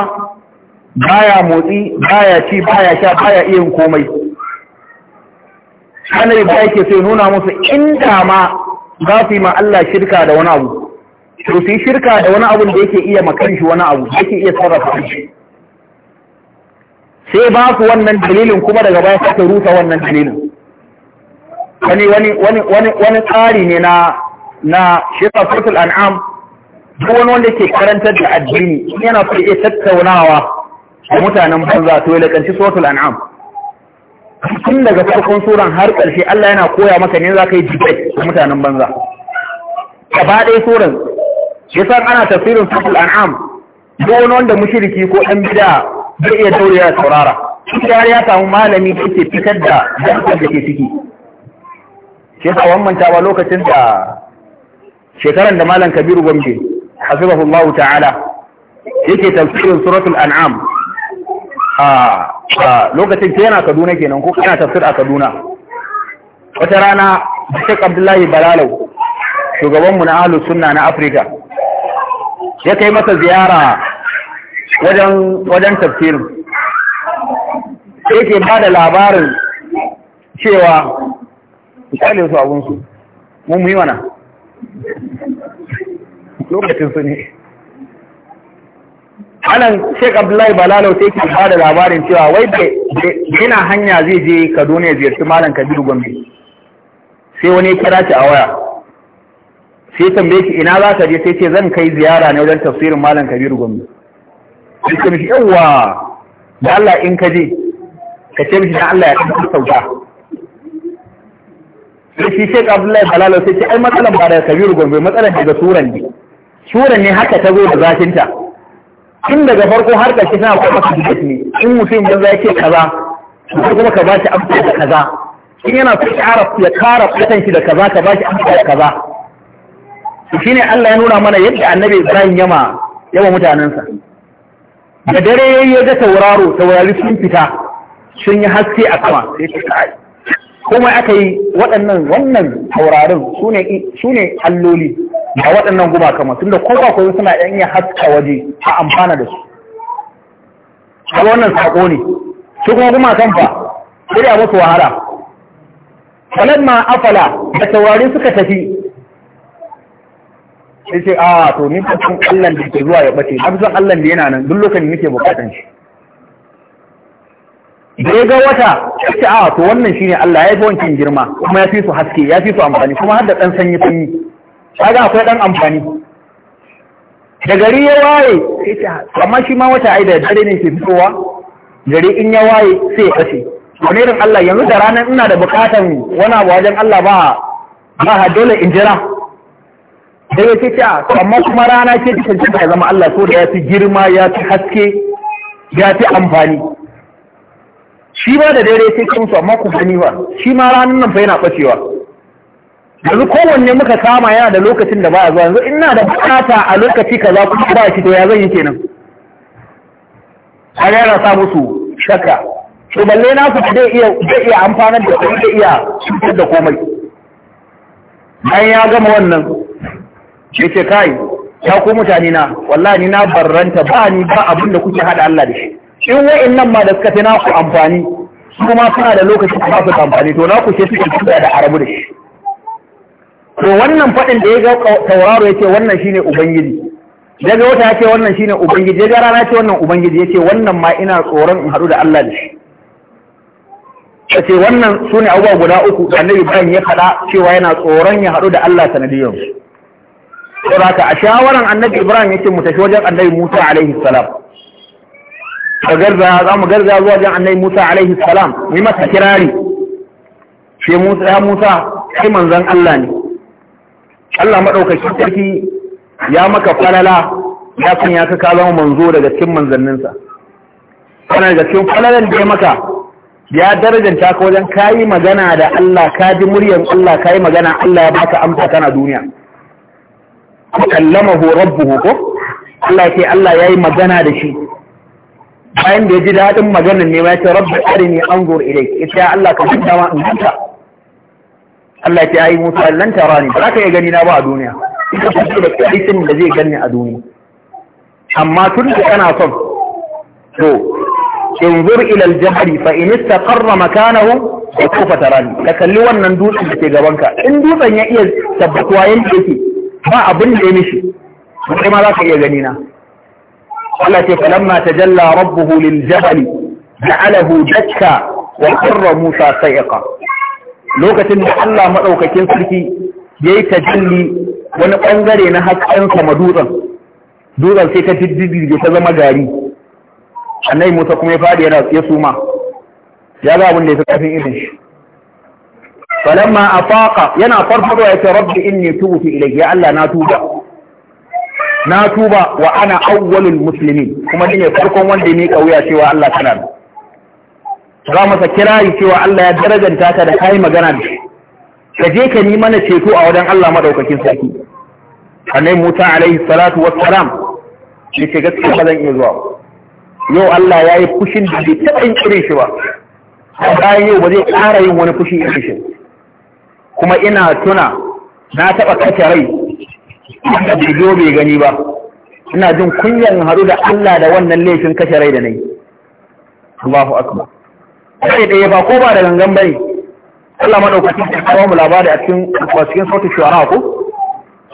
A: baya motsi baya ci baya sha baya iya komai hanai ba yake sai nuna musu inda ma za su yi ma Allah shirka da wani abu to su yi shirka da wani abu da yake iya makanshi wani abu yake iya sarrafa shi sai ba su wannan dalilin kuma daga baya suka rusa wannan dalilin wani wani wani wani wani tsari ne na na shekar sautul an'am duk wani wanda ke karantar da addini yana so iya tattaunawa da mutanen banza to ya lakanci sautul an'am tun daga farkon suran har ƙarshe Allah yana koya maka ne za ka yi debate da mutanen banza gaba ɗaya suran shi san ana tafsirin sautul an'am duk wani wanda mushriki ko ɗan bid'a zai iya daure ya saurara shi har ya samu malami da ke fitar da daftar da ke ciki shi yasa wannan tawa lokacin da shekaran da malam kabiru gombe allahu ta'ala yake tafsirin suratul an'am a lokacin ke yana kaduna kenan ko kana tafsir a kaduna wata rana Sheikh Abdullahi Balalau shugabanmu na ahlus sunna na Afirka ya kai masa ziyara
B: wajen tafsirin sai ke ba da
A: labarin cewa misali su abunsu mun mu yi mana lokacin su ne anan sheik abdullahi balalau sai ke ba da labarin cewa wai da gina hanya zai je kaduna ya ziyarci malam kabiru gombe sai wani kira shi a waya sai tambaye ki ina za ka je sai ce zan kai ziyara ne wajen tafsirin malam kabiru gombe sai ka mishi yawa da Allah in ka je ka ce mishi da Allah ya ɗan sauka sai shi shek Abdullahi Balalo sai ce ai matsalan ba daga Kabiru Gombe matsalan daga suran ne suran ne haka ta zo da zafinta tun daga farko har ƙarshe tana kuma su ne in mutum yanzu ya ke kaza ko kuma ka bashi amsa da kaza in yana so ya kara fatan shi da kaza ka bashi amsa da kaza shi ne Allah ya nuna mana yadda Annabi Ibrahim yama yawa mutanansa da dare ya yi ga tauraro taurari sun fita sun yi haske a sama kuma aka yi waɗannan wannan taurarin su ne alloli da waɗannan guba kama tun da kowa kuma suna ɗan yi haska waje a amfana da su a wannan saƙo ne su kuma guma kan fa sai da musu wahala ma afala da taurari suka tafi sai ce a to ni ko san Allah da ke zuwa ya bace na san Allah da yana nan duk lokacin nake bukatan shi da ya ga wata sai a to wannan shine Allah ya yi wancan girma kuma ya fi su haske ya fi su amfani kuma har da dan sanyi sanyi kaga akwai dan amfani da gari ya waye sai ce amma shi ma wata ai da dare ne ke fitowa gari in ya waye sai ya kashe wani irin Allah yanzu da ranar ina da bukatan wani abu wajen Allah ba ba dole in jira da ya ce ah, ta amma kuma rana ce ta cancanta ta zama Allah ko da ya fi girma ya fi haske ya fi amfani shi ba da daidai sai kansu amma ku gani ba shi ma ranar nan fa yana bacewa yanzu kowanne muka kama yana da lokacin da ba a zuwa yanzu ina da bukata a lokaci kaza ku ba shi to ya zan yi kenan a yana sa musu shakka to balle na ku zai iya zai iya amfanar da zai iya cutar da komai bayan ya gama wannan yake kai ya ku mutane na wallahi ni na barranta ba ni ba abin da kuke hada Allah da shi in nan ma da suka fi naku amfani su ma suna da lokacin da ba su amfani to naku ce suke tuka da arabu da shi to wannan fadin da ya ga tauraro ya ce wannan shine ubangiji da ga wata ya ce wannan shine ubangiji da ga rana ce wannan ubangiji ya ce wannan ma ina tsoron in hadu da Allah da shi kace ce wannan su ne abubuwa guda uku da annabi bayan ya fada cewa yana tsoron ya hadu da Allah sanadiyar saboda a shawaran annabi ibrahim yake mu tafi wajen annabi musa alaihi salam ka garza za mu garza zuwa wajen annabi musa alaihi salam mu yi masa kirari shi musa ya musa kai manzon allah ne allah maɗaukakin sarki ya maka falala ya kun ya ka zama manzo daga cikin manzanninsa kana daga cikin falalan da ya maka ya darajanta ka wajen kayi magana da allah ka ji muryan allah kayi magana allah ya baka amsa kana duniya kallamahu rabbuhu ko Allah ce Allah yayi magana da shi bayan da ya ji daɗin maganar ne ma ya ce rabbi arini an ilayk ita ya Allah ka hanta ma in hanta Allah ce musu allan lan tarani ba za ka iya gani na ba a duniya ita ta da kaitin da zai gani a duniya amma tun da kana son to in انظر الى الجبل فان استقر مكانه سوف تراني ka kalli wannan dutsen da ke gabanka in dutsen ya iya tabbatuwa yanda yake ba abin da ya mishi kai ma za ka iya gani na Allah ce falamma tajalla rabbuhu lil jabali ja'alahu dakka wa qarra Musa sa'iqa lokacin da Allah madaukakin sarki yayi tajalli wani bangare na hakkan sa madutsan dutsen sai ta diddige ta zama gari annai Musa kuma ya fadi yana ya suma ya ga abin da ya fi kafin irin shi falamma afaqa yana farfado ya ce rabbi inni tubtu ilayka ya Allah na tuba na tuba wa ana awwalul muslimin kuma ni ne farkon wanda ne kauya cewa Allah kana da za masa kirari cewa Allah ya darajanta ka da kai magana da ka je ka nima na ceto a wajen Allah madaukakin sarki annabi Musa alaihi salatu wassalam shi gaskiya ba zan iya zuwa yau Allah ya yi fushin da bai taɓa yin irin shi ba bayan yau ba zai ƙara yin wani fushi irin shi kuma ina tuna na taɓa kace rai da bidiyo bai gani ba ina jin kunyan haru da Allah da wannan laifin kashe rai da nayi Allahu akbar sai dai ba ko ba da gangan bane Allah madaukakin ya kawo mu labari a cikin a cikin sautin shuara ko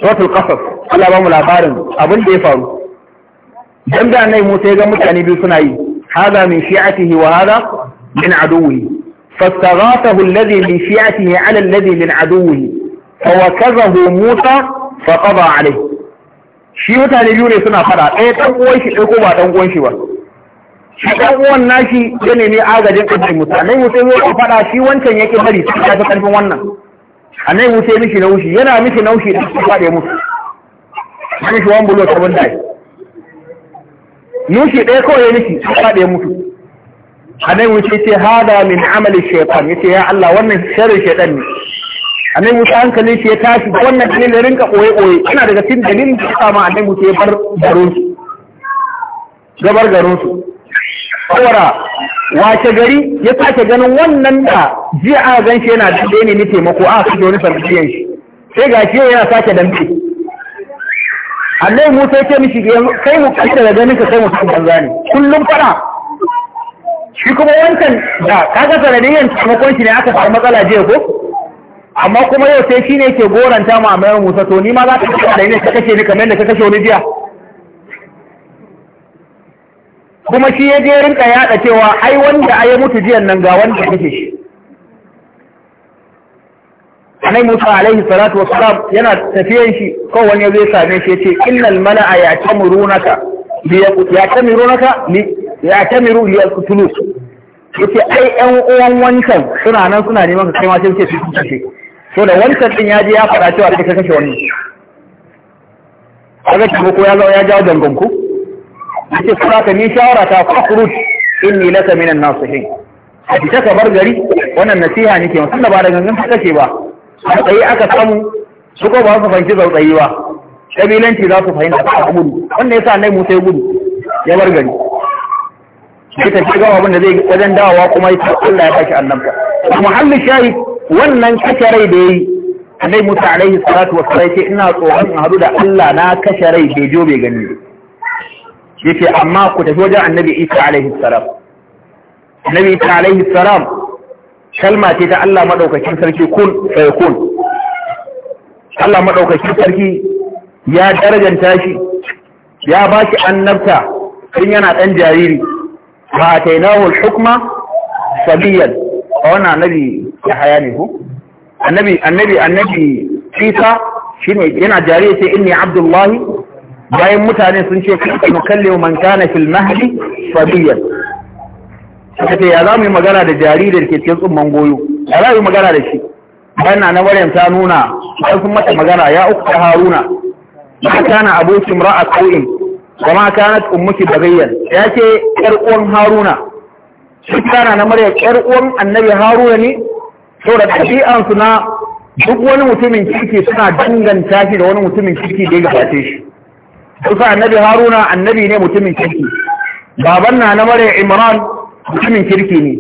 A: sautul qasas Allah ba mu labarin abin da ya faru dan da nayi Musa ya ga mutane biyu suna yi hada min shi'atihi wa hada min aduwihi فاستغاثه الذي من شيعته على الذي من عدوه فوكزه موسى فقضى عليه shi mutane biyu ne suna fada ɗaya ɗan uwan shi ɗaya ko ba ɗan uwan shi ba shi ɗan uwan nashi ya nemi agajin annabi musa A musa ya zo fada shi wancan yake bari ya ta karfin wannan annabi musa ya mishi naushi yana mishi naushi da shi faɗe musu mishi wan bulo sabon dai nushi ɗaya kawai ya mishi faɗe musu anai wuce ce hada min amali Ya yace ya Allah wannan sharri shaytan ne anai wuce hankali shi ya tashi da wannan dalilin rinka koye koye ana daga cikin dalilin da ya ma anai wuce ya bar garo su gabar garo su kawara wace gari ya sake ganin wannan da jiya a gan shi yana da ne ni taimako a su wani sarfiyan shi sai ga shi yana sake damfe Allah Musa ya ce mishi kai mu kai da ganin ka kai mu kan banza ne kullum fara shi kuma wancan da kaga sanadiyyar taimakon shi ne aka samu matsala jiya ko amma kuma yau sai shi ne ke goranta a mai musa to ni ma za ka kashe da ne ka kashe ni kamar da ka kashe wani jiya kuma shi ya je rinka yaɗa cewa ai wanda ai mutu jiyan nan ga wanda kake shi Anai Musa alaihi salatu wa salam yana tafiyan shi kawai wani zai same shi yace innal mala'a ya'tamurunaka ya tamuruna ka ya ta tamiru ya kutulu ai yan uwan wancan suna nan suna neman ka kai ma sai ce su kashe so da wancan din ya je ya faɗa cewa kai ka kashe wannan kaga ki ko ya zo ya jawo dangonku ku yace kuma ka ni shawara ta In inni laka minan nasihin a fita ka bar gari wannan nasiha nake masa da ba da gangan ka kashe ba tsaye aka samu su ko ba su fahimci zautsayi ba kabilanci za su fahimta ta gudu wannan yasa nai mu sai gudu ya bar gari sai ta shiga abin da zai wajen dawowa kuma ya Allah ya bashi annabta halin shayi wannan kashe rai da yayi annabi Musa alaihi salatu wassalam yace ina tsoron in hadu da Allah na kashe rai bai jo bai gani yace amma ku tafi wajen annabi Isa alaihi salam annabi Isa alaihi salam kalma ce ta Allah madaukakin sarki kun sai kun Allah madaukakin sarki ya darajanta shi ya ba shi annabta tun yana ɗan jariri ba a tainahu hukuma sabiyan a wani annabi ya haya ne ku annabi annabi annabi isa shine yana jariya ce inni abdullahi bayan mutane sun ce kuma nukallimu man kana fil mahdi sabiyan ta ce ya za mu yi magana da jaririn ke cikin tsumman goyo ya za mu yi magana da shi bayan na maryam ta nuna bayan sun mata magana ya uku ta haruna ma kana abokin ra'a ko'in kama kanat ummuki bagayyan ya ce yar uwan haruna shi kana na murya yar uwan annabi haruna ne saboda ɗabi'an su na duk wani mutumin kirki suna danganta shi da wani mutumin kirki da ya gabace shi kusa annabi haruna annabi ne mutumin kirki baban na na murya imran mutumin kirki ne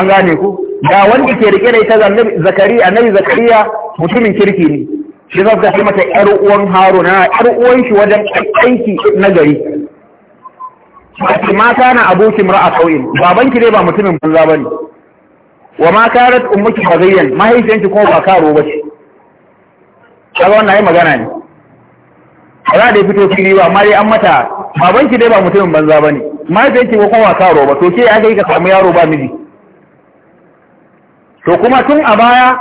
A: an gane ku da wanda ke rike da ita zakari annabi zakariya mutumin kirki ne shi za ta mata ‘yar uwan haruna ‘yar uwan shi wajen aiki na gari ake mata na abokin ra'a sauyin babanki ne ba mutumin banza ba ne wa ma karat ummuki bazayyan mahaifiyanki kuma ba karo ba ce kaga wannan yi magana ne ba za da ya fito fili ba amma an mata babanki ne ba mutumin banza ba ne mahaifiyanki kuma ba karo ba to ke ga yi ka samu yaro ba miji to kuma tun a baya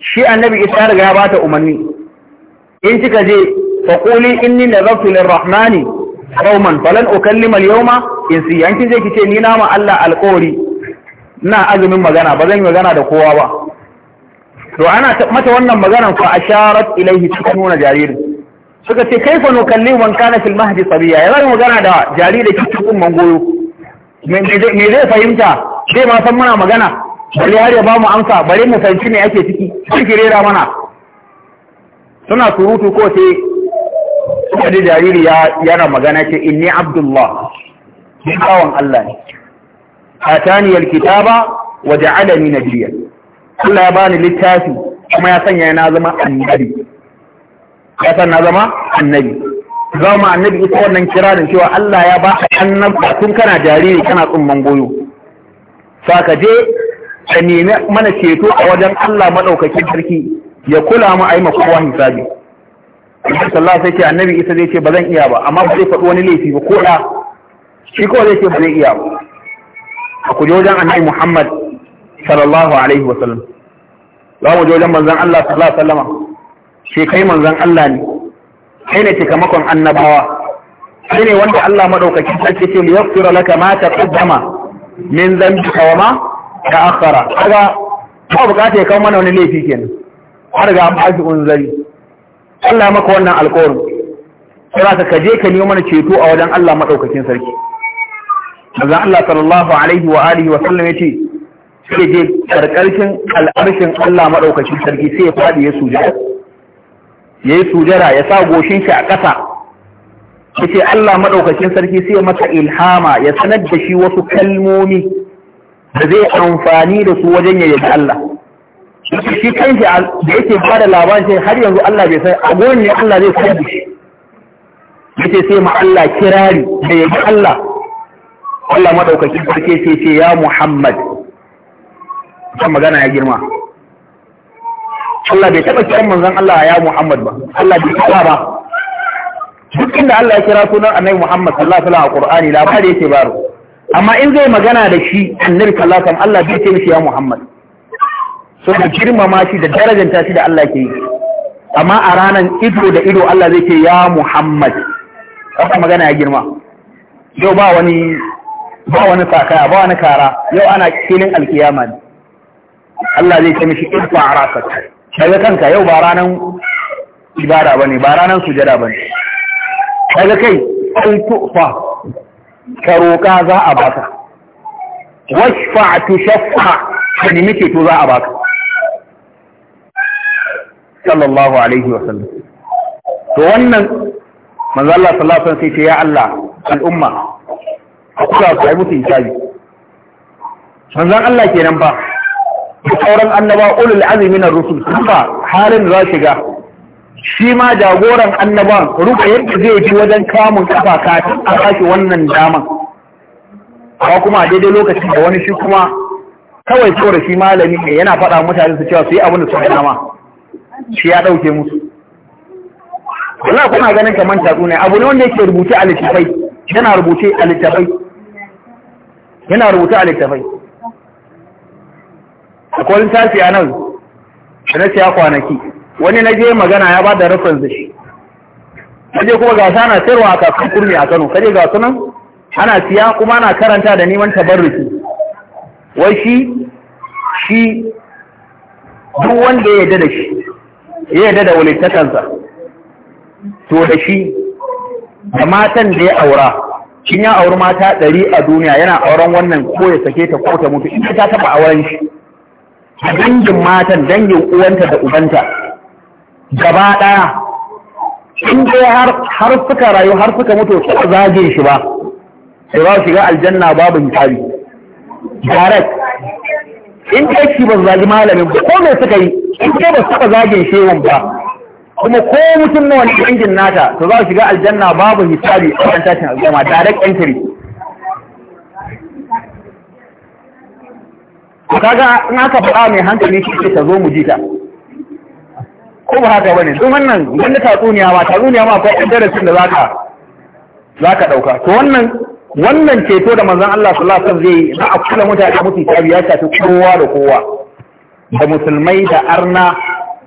A: shi annabi isa riga ya bata umarni in kika je fa quli inni nazartu lirrahmani qauman falan ukallima in yawma An kin je kice ni nama Allah alƙawari ina azumin magana ba zan yi magana da kowa ba to ana mata wannan maganar fa asharat ilaihi nuna jaririn suka ce kaifa nukallimu man kana fil mahdi sabiya ya zai magana da jariri cikin umman goyo me zai fahimta sai ma san muna magana bari har ya ba mu amsa bari mu sanci ne ake ciki sun rera mana suna surutu ko sai suka ji jariri yana magana ce inni abdullah ni bawan Allah ne atani alkitaba wa ja'alani nabiyyan Allah ya bani littafi kuma ya sanya na zama annabi ya san na zama annabi zama annabi ita wannan kirarin cewa Allah ya ba tun kana jariri kana tsumman goyo ka je Ka nemi mana ceto a wajen Allah maɗaukakin sarki ya kula mu a yi makowa hisabi Annabi sallallahu alaihi wasallam annabi Isa zai ce ba zan iya ba amma ba zai faɗi wani laifi ba ko da shi ko zai ce ba zai iya ba a kuje wajen annabi Muhammad sallallahu alaihi wasallam za mu je wajen manzon Allah sallallahu alaihi wasallam shi kai manzon Allah ne kai ne cikamakon annabawa kai ne wanda Allah madaukaki sarki ce li yaghfira laka ma taqaddama min dhanbika wa ma ta akara kaga ba bukata ya kawo mana wani laifi kenan har ga baki bashi unzari Allah maka wannan alƙawarin sai ka kaje ka nemo mana ceto a wajen Allah madaukakin sarki manzon Allah sallallahu alaihi wa alihi wa sallam yace sai je karkarkin al'arshin Allah madaukakin sarki sai ya fadi ya sujada yayi sujada ya sa goshin shi a ƙasa yace Allah madaukakin sarki sai masa ilhama ya sanar da shi wasu kalmomi da zai amfani da su wajen yayin Allah shi kanshi da yake ba da labarin sai har yanzu Allah bai sai a gurin ne Allah zai sai shi yace sai ma Allah kirari da yayin Allah Allah madaukakin sarki sai ce ya Muhammad kan magana ya girma Allah bai taɓa kiran manzon Allah ya Muhammad ba Allah bai taɓa ba duk inda Allah ya kira sunan Annabi Muhammad sallallahu alaihi wasallam a Qur'ani labari yake baro amma in zai magana da shi annabi sallallahu alaihi Allah bai ce mishi ya Muhammad so da girmama shi da darajanta shi da Allah ke yi amma a ranar ido da ido Allah zai ce ya Muhammad kafa magana ya girma yau ba wani ba wani sakaya ba wani kara yau ana filin alkiyama ne Allah zai ce mishi irfa a rasar daga kanka yau ba ranar ibada ba ne ba ranar sujada ba ne daga kai sai tufa
B: ka roƙa za a baka
A: washfa shafa
B: ka nemi ceto za a baka
A: sallallahu alaihi wa sallam to wannan manzo Allah sallallahu alaihi wasallam sai ce ya Allah al'umma kula ku ai mutun tabi manzon Allah kenan ba sauran annaba ulul azmi na rusul ba halin za shiga shi ma jagoran annaban ruka yadda zai ji wajen kamun kafa kafin a kashi wannan daman Ba kuma daidai lokacin da wani shi kuma kawai tsoro shi malami ne yana faɗa mutane su cewa su yi abin da su dama shi ya ɗauke musu wala kuna ganin kamar tatsu ne abu ne wanda yake rubuce a littafai yana rubuce a littafai yana rubuce a littafai akwai littafi a nan da na siya kwanaki wani na je magana ya ba da rufin zai shi kaje kuma gasa na sayarwa a kasuwar kurmi a Kano kaje ga sunan ana siya kuma ana karanta da neman tabarruki wai shi shi duk wanda ya yarda da shi ya yarda da walittakansa to da shi da matan da ya aura shin ya auri mata ɗari a duniya yana auren wannan ko ya sake ta ko ta mutu ita ta taɓa auren shi a dangin matan dangin uwanta da ubanta gaba ɗaya in dai har suka rayu har suka mutu suka zage shi ba sai ba shiga aljanna babu hisabi direct
B: in dai shi ba zagi
A: malamin ba ko me suka yi in dai ba suka zage shehun ba kuma ko mutum na wani dangin nata to za su shiga aljanna babu hisabi a kan tashin aljama direct entry to kaga in aka faɗa mai hankali shi ta zo mu ji ta ko ba haka bane duk wannan wanda tatsuniya ma tatsuniya ma akwai ɗan darasin da zaka zaka dauka to wannan wannan ceto da manzon Allah sallallahu alaihi wasallam zai na akula mutane mutu tabi shafi kowa da kowa da musulmai da arna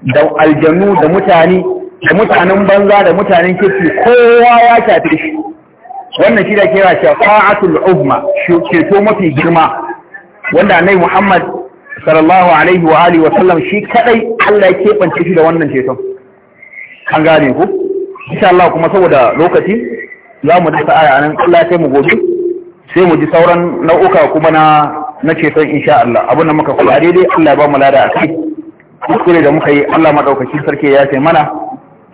A: da aljanu da mutane da mutanen banza da mutanen kirki kowa ya shafi shi wannan shi da kira shafa'atul umma ceto mafi girma wanda annabi Muhammad sallallahu alaihi wa alihi wa sallam shi kadai Allah ya keɓance shi da wannan ceton an gane ku insha Allah kuma saboda lokaci za mu dasa aya anan Allah sai mu gobe sai mu ji sauran nau'uka kuma na na ceton insha Allah abin da muka kula daidai Allah ya ba mu lada a kuskure da muka yi Allah madaukaki sarki ya sai mana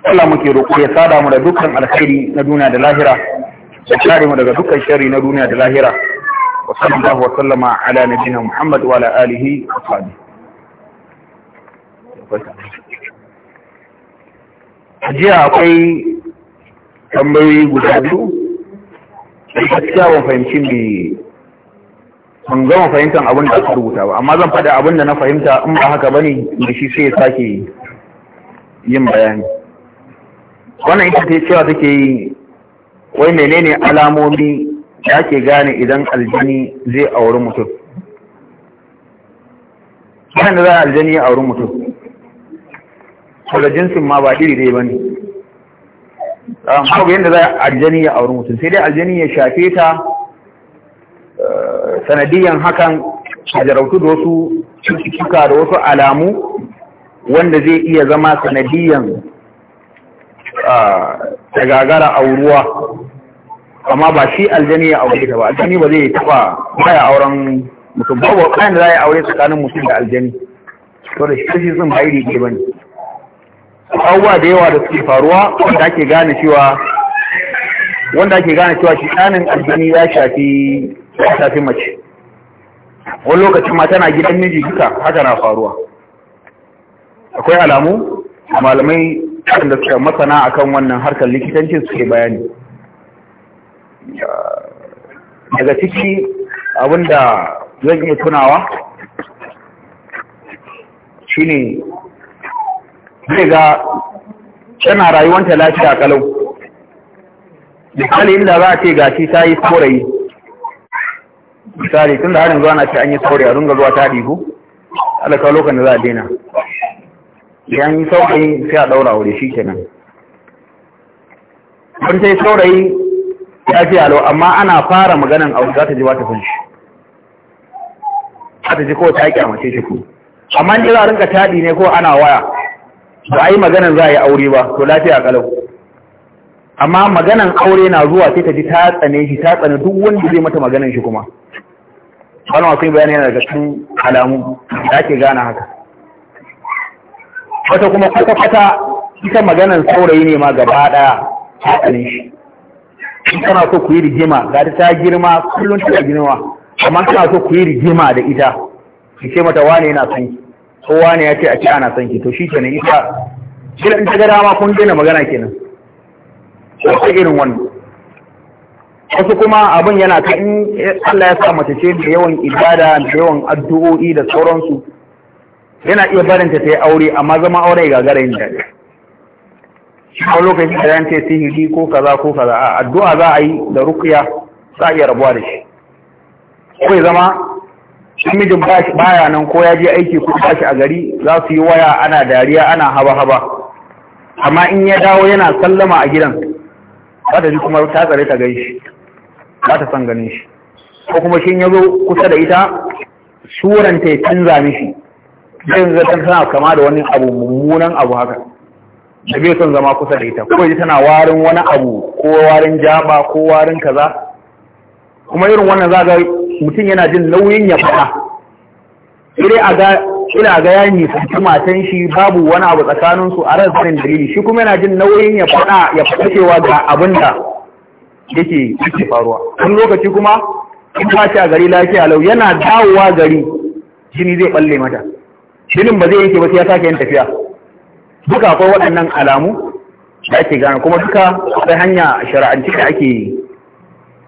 A: Allah muke roƙo ya sada mu da dukkan alkhairi na duniya da lahira ya kare mu daga dukkan sharri na duniya da lahira وصلى الله وسلم على نبينا محمد وعلى آله وصحبه jiya akwai tambayoyi guda biyu gaskiya ban fahimci me ban gama fahimtar abin da aka rubuta ba amma zan faɗa abin na fahimta in ba haka bane shi yin bayani wannan ita ce cewa take yi wai menene alamomi ya ke gane idan aljini zai auri mutum yana za a aljini ya auri mutum saboda jinsin ma ba iri dai ba ne babu yadda za a aljini ya auri mutum sai dai aljini ya shafe ta eh, sanadiyan hakan a jarautu da wasu cututtuka da wasu alamu wanda zai iya zama sanadiyan ah, a gagara a ruwa amma ba shi aljani ya aure ta ba aljani ba zai taba baya auren mutum ba ba da za a aure tsakanin mutum da aljani to da shi sun bai da ke bane abubuwa da yawa da suke faruwa wanda ake gane cewa wanda ake gane cewa shi tsanin aljani ya shafi ya shafi mace wani lokacin ma tana gidan miji duka haka na faruwa akwai alamu malamai da suka masana akan wannan harkar likitancin suke bayani daga ciki abinda zan iya tunawa shine zai ga tana rayuwanta lafiya kalau misali inda za a ce gashi ta yi saurayi misali tun da harin zuwa na ce an yi saurayi a runga zuwa ta ɗihu alaka lokacin da za a daina yan yi saurayi sai a ɗaura wuri shi kenan kun ta saurayi ya fi alo amma ana fara maganin abu za ta ji ba ta san shi za ta ji ko ta mace shi ko amma in za a rinka taɗi ne ko ana waya ba a yi maganan za a yi aure ba to lafiya kalau amma maganan aure na zuwa sai ta ji ta tsane shi ta tsane duk wanda zai mata maganan shi kuma wani wasu bayani yana daga cikin alamu da ake gane haka wata kuma kwata-kwata ita maganan saurayi ne ma gaba ɗaya ta tsane shi in kana so ku yi rigima ga ta girma kullum ta girma amma kana so ku yi rigima da ita ki ce mata wane yana son ki ko wane ya ce a ce ana son ki to shikenan ita kila in ta ga dama kun daina magana kenan ko irin wannan wasu kuma abin yana ka in Allah ya sa mace ce da yawan ibada da yawan addu'o'i da sauransu yana iya barinta ta yi aure amma zama aure gagara yin daɗi a lokacin da yance sihiri ko kaza ko kaza a addu'a za a yi da rukiya za a iya rabuwa da shi ko zama mijin baya nan ko ya je aiki ko ba a gari za su yi waya ana dariya ana haba haba amma in ya dawo yana sallama a gidan za ta ji kuma ta tsare ta gan shi za ta san ganin shi ko kuma shi ya kusa da ita suranta ya canza mishi zai zata tana kama da wani abu mummunan abu haka da bai son zama kusa da ita ko ji tana warin wani abu ko warin jaba ko warin kaza kuma irin wannan za ga mutum yana jin nauyin ya faɗa sai a ga ina ga ya nisanci matan shi babu wani abu tsakanin su a ran dalili shi kuma yana jin nauyin ya faɗa ya fada cewa ga abin da yake yake faruwa wani lokaci kuma in ba a gari lafiya lau yana dawowa gari jini zai balle mata jinin ba zai yake ba sai ya sake yin tafiya duka akwai waɗannan alamu da ake gane kuma duka akwai hanya shara'anci da ake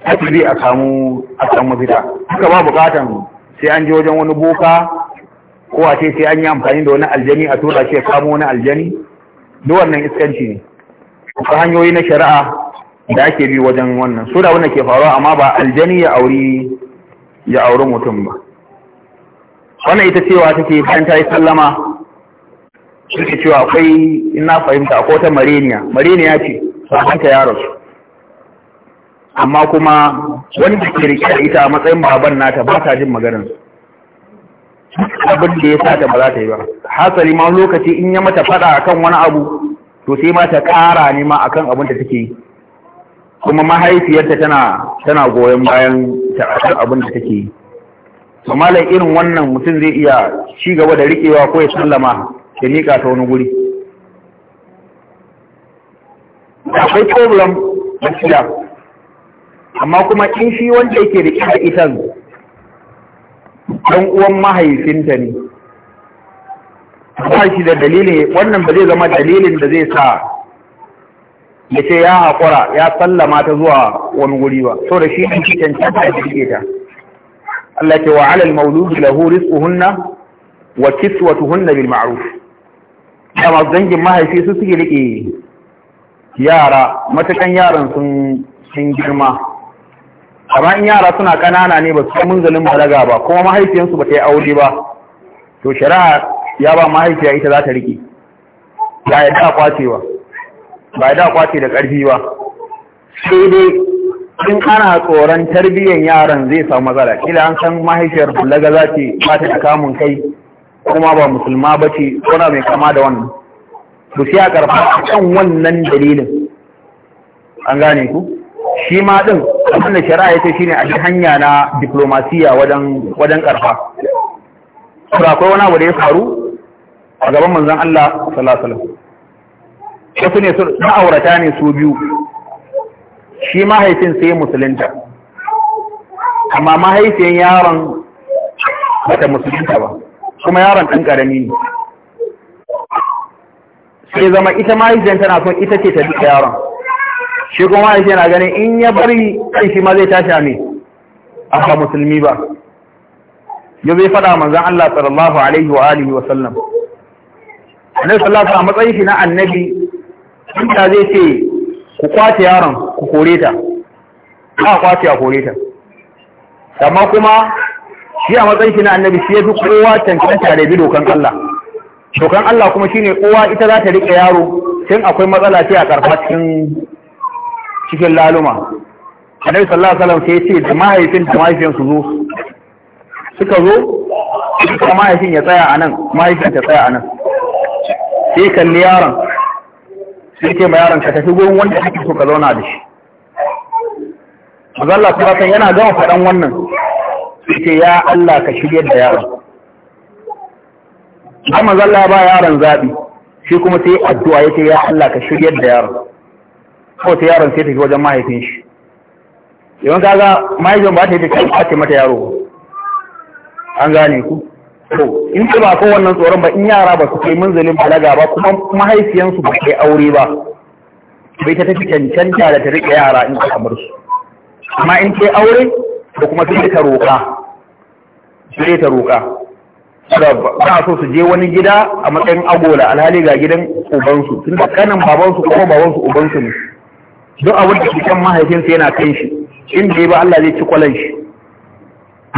A: ake a samu a samu mafita duka ba bukatan sai an je wajen wani boka ko a ce sai an yi amfani da wani aljani a tura shi ya kamo wani aljani duk wannan iskanci ne akwai hanyoyi na shari'a da ake bi wajen wannan su da wanda ke faruwa amma ba aljani ya auri ya auri mutum ba wannan ita cewa take bayan ta yi sallama suke cewa akwai ina fahimta ko ta mareniya mareniya ce sabanta yaro su amma kuma wanda ke rike da ita a matsayin baban nata ba ta jin maganar su abin da ya sa ta ba za ta yi ba hasali ma lokaci in ya mata fada akan wani abu to sai ma ta kara ne ma akan abin da take yi kuma mahaifiyarta tana tana goyon bayan ta akan abin da take yi malam irin wannan mutum zai iya ci gaba da rikewa ko ya sallama ya mika ta wani guri akwai problem na shida amma kuma in shi wanda yake da ita itan ɗan uwan mahaifinta ne ba shi da dalilin wannan ba zai zama dalilin da zai sa ya ce ya haƙura ya sallama ta zuwa wani guri ba so da shi ne shi cancanta da shi ta Allah ke wa alal mauludi lahu rizquhunna wa kiswatuhunna bil ma'ruf da masu dangin mahaifi su suke rike yara matakan yaran sun girma amma in yara suna kanana ne ba su kai munzalin balaga ba kuma mahaifiyarsu ba ta yi aure ba to shari'a ya ba mahaifiya ita za ta rike ba ya da kwacewa ba ya da kwace da ƙarfi ba sai dai in ana tsoron tarbiyyar yaran zai samu matsala kila an san mahaifiyar balaga za ce ba ta kamun kai kuma ba musulma ba ce kuna mai kama da wannan to sai a karfa kan wannan dalilin an gane ku shi ma ɗin, abin wannan shari'a ya ce shine a hanya na diplomasiya wajen wajen karfa to akwai wani abu da ya faru a gaban manzon Allah sallallahu alaihi wasu ne na aurata ne su biyu shi mahaifin sai musulunta
B: amma mahaifiyan
A: yaron bata musulunta ba kuma yaron ɗan ƙarami ne sai zama ita mahaifiyar tana son ita ce ta duka yaron shi kuma mahaifiyar na ganin in ya bari ɗan shi ma zai tashi a ne a ba musulmi ba yau zai faɗa manzan Allah sallallahu alaihi wa alihi wa sallam annabi sallallahu a matsayin shi na annabi inda zai ce ku kwace yaron ku kore ta ba kwace a kore ta amma kuma shi a matsayin shi na annabi shi ya fi kowa cancanta tare bi dokan Allah dokan Allah kuma shine kowa ita za ta rike yaro sai akwai matsala sai a karfa cikin cikin laluma annabi sallallahu alaihi wasallam sai ya ce da mahaifin da mahaifin su zo suka zo suka mahaifin ya tsaya a nan mahaifin ta tsaya a nan sai kalli yaron sai ce ma yaron ka tafi gurin wanda kake so ka zauna da shi Allah ta yana gama faɗan wannan sai ce ya Allah ka shirya da yaron amma zalla ba yaron zaɓi, shi kuma sai addu'a yace ya Allah ka shirya da yaron Kawo ta yaron sai tafi wajen mahaifin shi yawan kaga mahaifin ba ta yi ta kwace mata yaro an gane ku to in ce ba kowannan tsoron ba in yara ba su kai munzalin balaga ba kuma mahaifiyansu ba kai aure ba bai ta tafi cancanta da ta riƙe yara in ta kamar su amma in ce aure da kuma sai ta roƙa sai ta roƙa ba so su je wani gida a matsayin agola alhali ga gidan ubansu tun da kanan babansu ko babansu ubansu ne duk abin da cikin mahaifinsa yana kan shi inda ya ba Allah zai ci kwalan shi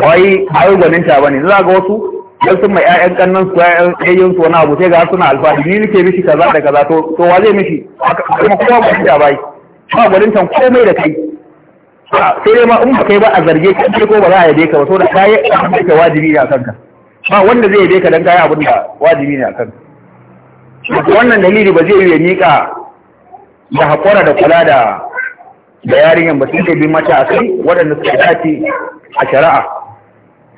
A: wai ayo gwaninta ba ne za ga wasu yan sun mai ƴaƴan kannan su ƴaƴan ƴaƴan su wani abu sai ga suna alfahari ni nake mishi kaza da kaza to to wa zai mishi kuma kowa ba shi da bai ba gwanintan komai da kai sai dai ma in ba kai ba a zarge ka ko ba za a yabe ka ba saboda kai abin da ke wajibi ne a kanka ba wanda zai yabe ka dan kai abin da wajibi ne a kanka wannan dalili ba zai yi mika da hakura da kula da da yarinyan ba sun bi mata a kai waɗanda suka dace a shari'a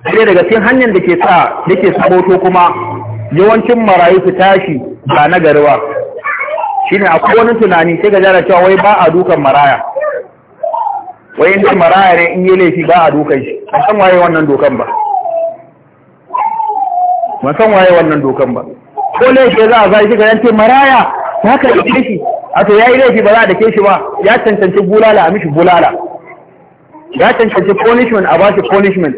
A: sai daga cikin hanyar da ke sa da ke saboto kuma yawancin marayu su tashi ba na garuwa shine akwai wani tunani sai ga jara cewa wai ba a dukan maraya wai inda maraya ne in yi laifi ba a dukan shi ban san waye wannan dokan ba ban san waye wannan dokan ba ko laifi za a zai shi yanke yance maraya ya ka dake shi a to ya yi laifi ba za a dake shi ba ya cancanci bulala a mishi bulala ya cancanci punishment a bashi punishment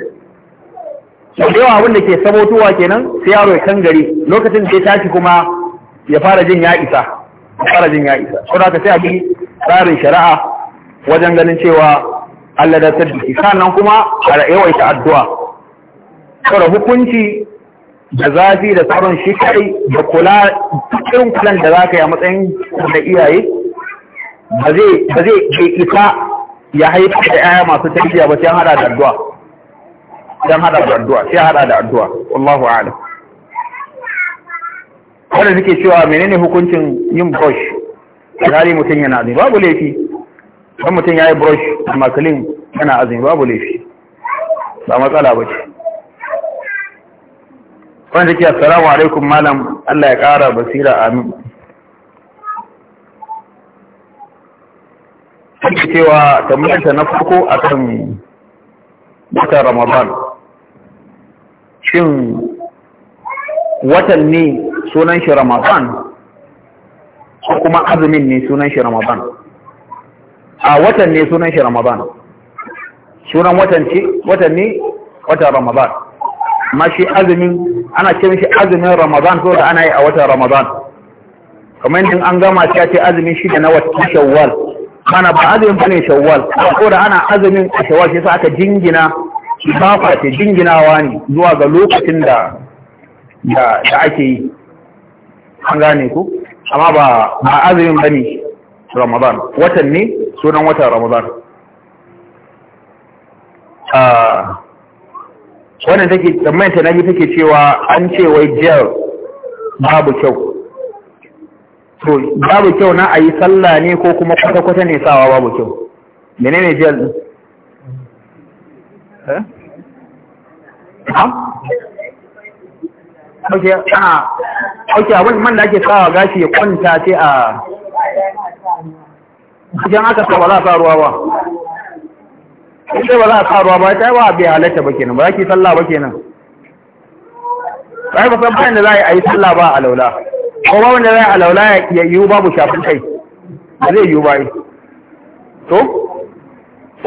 A: da yawa abin da ke sabotowa kenan sai yaro ya kan gari lokacin da ya tashi kuma ya fara jin ya isa ya fara jin ya isa da ka sai a bi tsarin shari'a wajen ganin cewa Allah da ta jiki sannan kuma a yawaita addu'a Kada hukunci da zafi da tsaron shi kai da kula cikin kulan da za ka yi a matsayin da iyaye ba zai ke isa ya haifar da yaya masu tafiya ba sai hada da addu'a Sai hada da addu'a sai hada da addu'a wallahu a'lam
B: wanda suke cewa menene
A: hukuncin yin da alhali mutum yana zai babu laifi don mutum ya yi brush da makalin yana azumi babu laifi
B: ba matsala ba ce
A: wanda ke assalamu alaikum malam Allah ya kara basira amin take cewa tambayarta na farko akan wata ramadan shin watan ne sunan shi ramadan ko kuma azumin ne sunan shi ramadan a watan ne sunan shi ramadan sunan watan ce watan ne watan ramadan ma shi azumin ana ce mishi azumin ramadan ko da ana yi a watan ramadan kamar yadda an gama a ce azumin shi da na watan shawwal kana ba azumin bane shawwal ko da ana azumin a shawwal shi sa aka jingina fa ce jinginawa ne zuwa ga lokacin da da ake yi an gane ku amma ba azumin bane ramadan watan ne sunan watan ramadan ah, wannan take tsammanin ta nabi take cewa an ce wai jel babu kyau to babu kyau na ayi sallah ne ko kuma kwata-kwata ne sawa babu kyau menene jel din Ha? Eh? ok a ah, ok abin man da ake sawa gashi ya kwanta ce a
B: cikin aka sa ba za a sa ruwa ba
A: sai ba za a sa ruwa ba ta yi ba bai halatta ba kenan ba za ki sallah ba kenan ba ba san bayan da za a yi sallah ba a laula ko ba wanda za a laula ya yiwu babu shafin kai ba zai yiwu ba yi to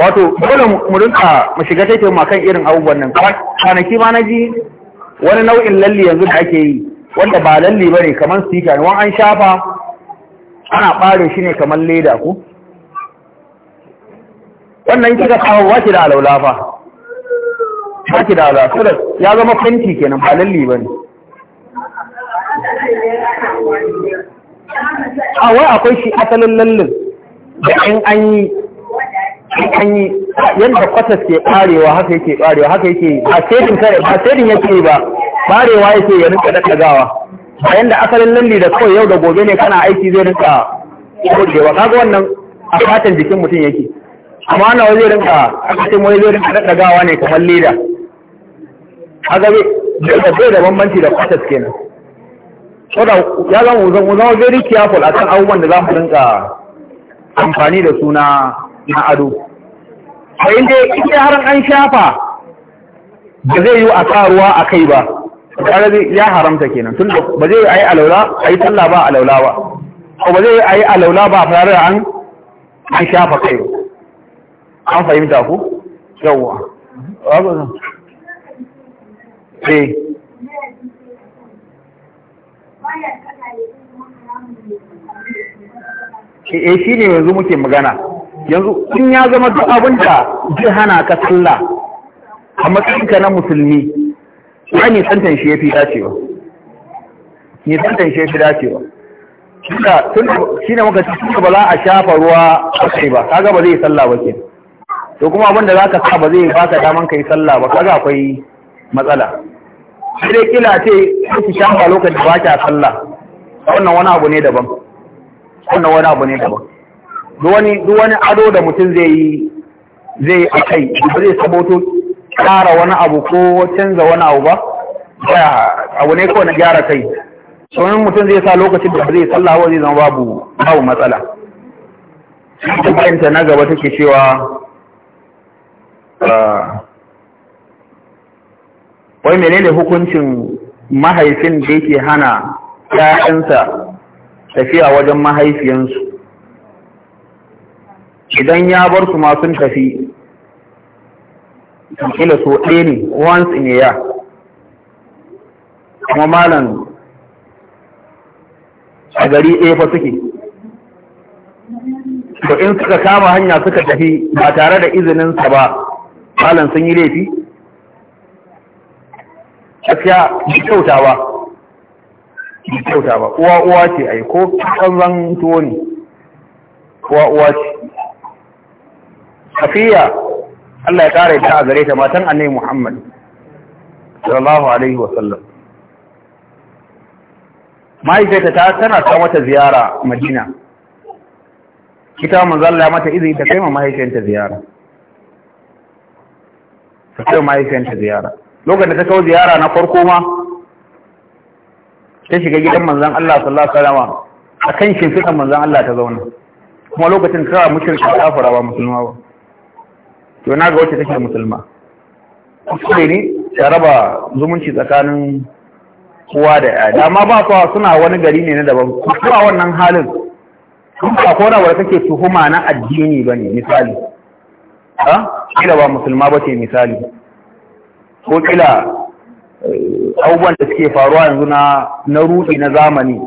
A: wato dole mu rinka mu shiga taitayin kan irin abubuwan nan kwanaki ma na ji wani nau'in lalli yanzu da ake yi wanda ba lalli ba ne kamar sika ne wani an shafa ana ɓare shi ne kamar leda ko. wannan kika kawo waki da alaula fa waki da alaula kuma ya zama fenti kenan ba lalli ba ne a wai akwai shi asalin lallin da an an yi an yi yadda kwatas ke karewa haka yake karewa haka yake ba sedin kare ba sedin yake ba barewa yake ya rinka gawa a yadda asalin lalli da kawai yau da gobe ne kana aiki zai rinka kodewa kaga wannan a fatan jikin mutum yake amma na wani rinka aka ce wani zai rinka daddagawa ne kamar leda haka da bai da bambanci da kwatas kenan da ya zama wajen zama ya careful kan abubuwan da za mu rinka amfani da suna na ado a inda ya har an shafa ba zai yi a ruwa a kai ba ƙarari ya haramta kenan tun da ba zai yi a yi alaula a yi talla ba laula ba ko ba zai yi a yi alaula ba da an shafa kai ba an fahimta ku yawwa eh eh, eh shi ne yanzu muke magana yanzu in ya zama duk abin da ji hana ka tsalla a matsayinka na musulmi ya ne santan shi ya fi dacewa ne santan shi ya fi dacewa shi ne muka ci ba za a shafa ruwa a kai ba kaga ba zai sallah ba ke to kuma abin da za ka sa ba zai ka daman ka yi sallah ba kaga akwai matsala sai dai kila ce ki shafa lokacin ba ka sallah wannan wani abu ne daban wannan wani abu ne daban duk wani duk wani ado da mutum zai yi zai akai ba zai saboto kara wani abu ko canza wani abu ba baya abu ne kawai na gyara kai sauran mutum zai sa lokacin da zai sallah ba zai zama babu babu matsala. Ita bayanta na gaba take cewa wai menene hukuncin mahaifin da yake hana ‘ya'yansa tafiya wajen mahaifiyansu idan ya bar su masu tafi kila so ɗaya ne once in ya kuma malam a gari ɗaya fa suke to in suka kama hanya suka tafi ba tare da izininsa ba malam sun yi laifi cikya ji kyauta ba bi kyauta ba uwa uwa ce ai ko kanzan tuwo ne uwa uwa ce safiya Allah ya kare ta a gare ta matan annabi Muhammad sallallahu alaihi wa sallam ma'aikata ta tana ta mata ziyara Madina kita manzalla mata izini ta kai ma mahaifiyarta ziyara ta kai mahaifiyanta ziyara lokacin da ta kawo ziyara na farko ma ta shiga gidan manzan Allah sallallahu alaihi wasallam a kan fitan manzan Allah ta zauna kuma lokacin da ta mushirka ba musulma ba to na ga wacce take musulma
B: kuskure ne ta
A: raba zumunci tsakanin kowa da ya dama ba kowa suna wani gari ne na daban kuma wannan halin kuma ko kowa da kake tuhuma na addini ba ne misali ha kila ba musulma ba ce misali ko kila eh, abubuwan da suke faruwa yanzu na na rudi na zamani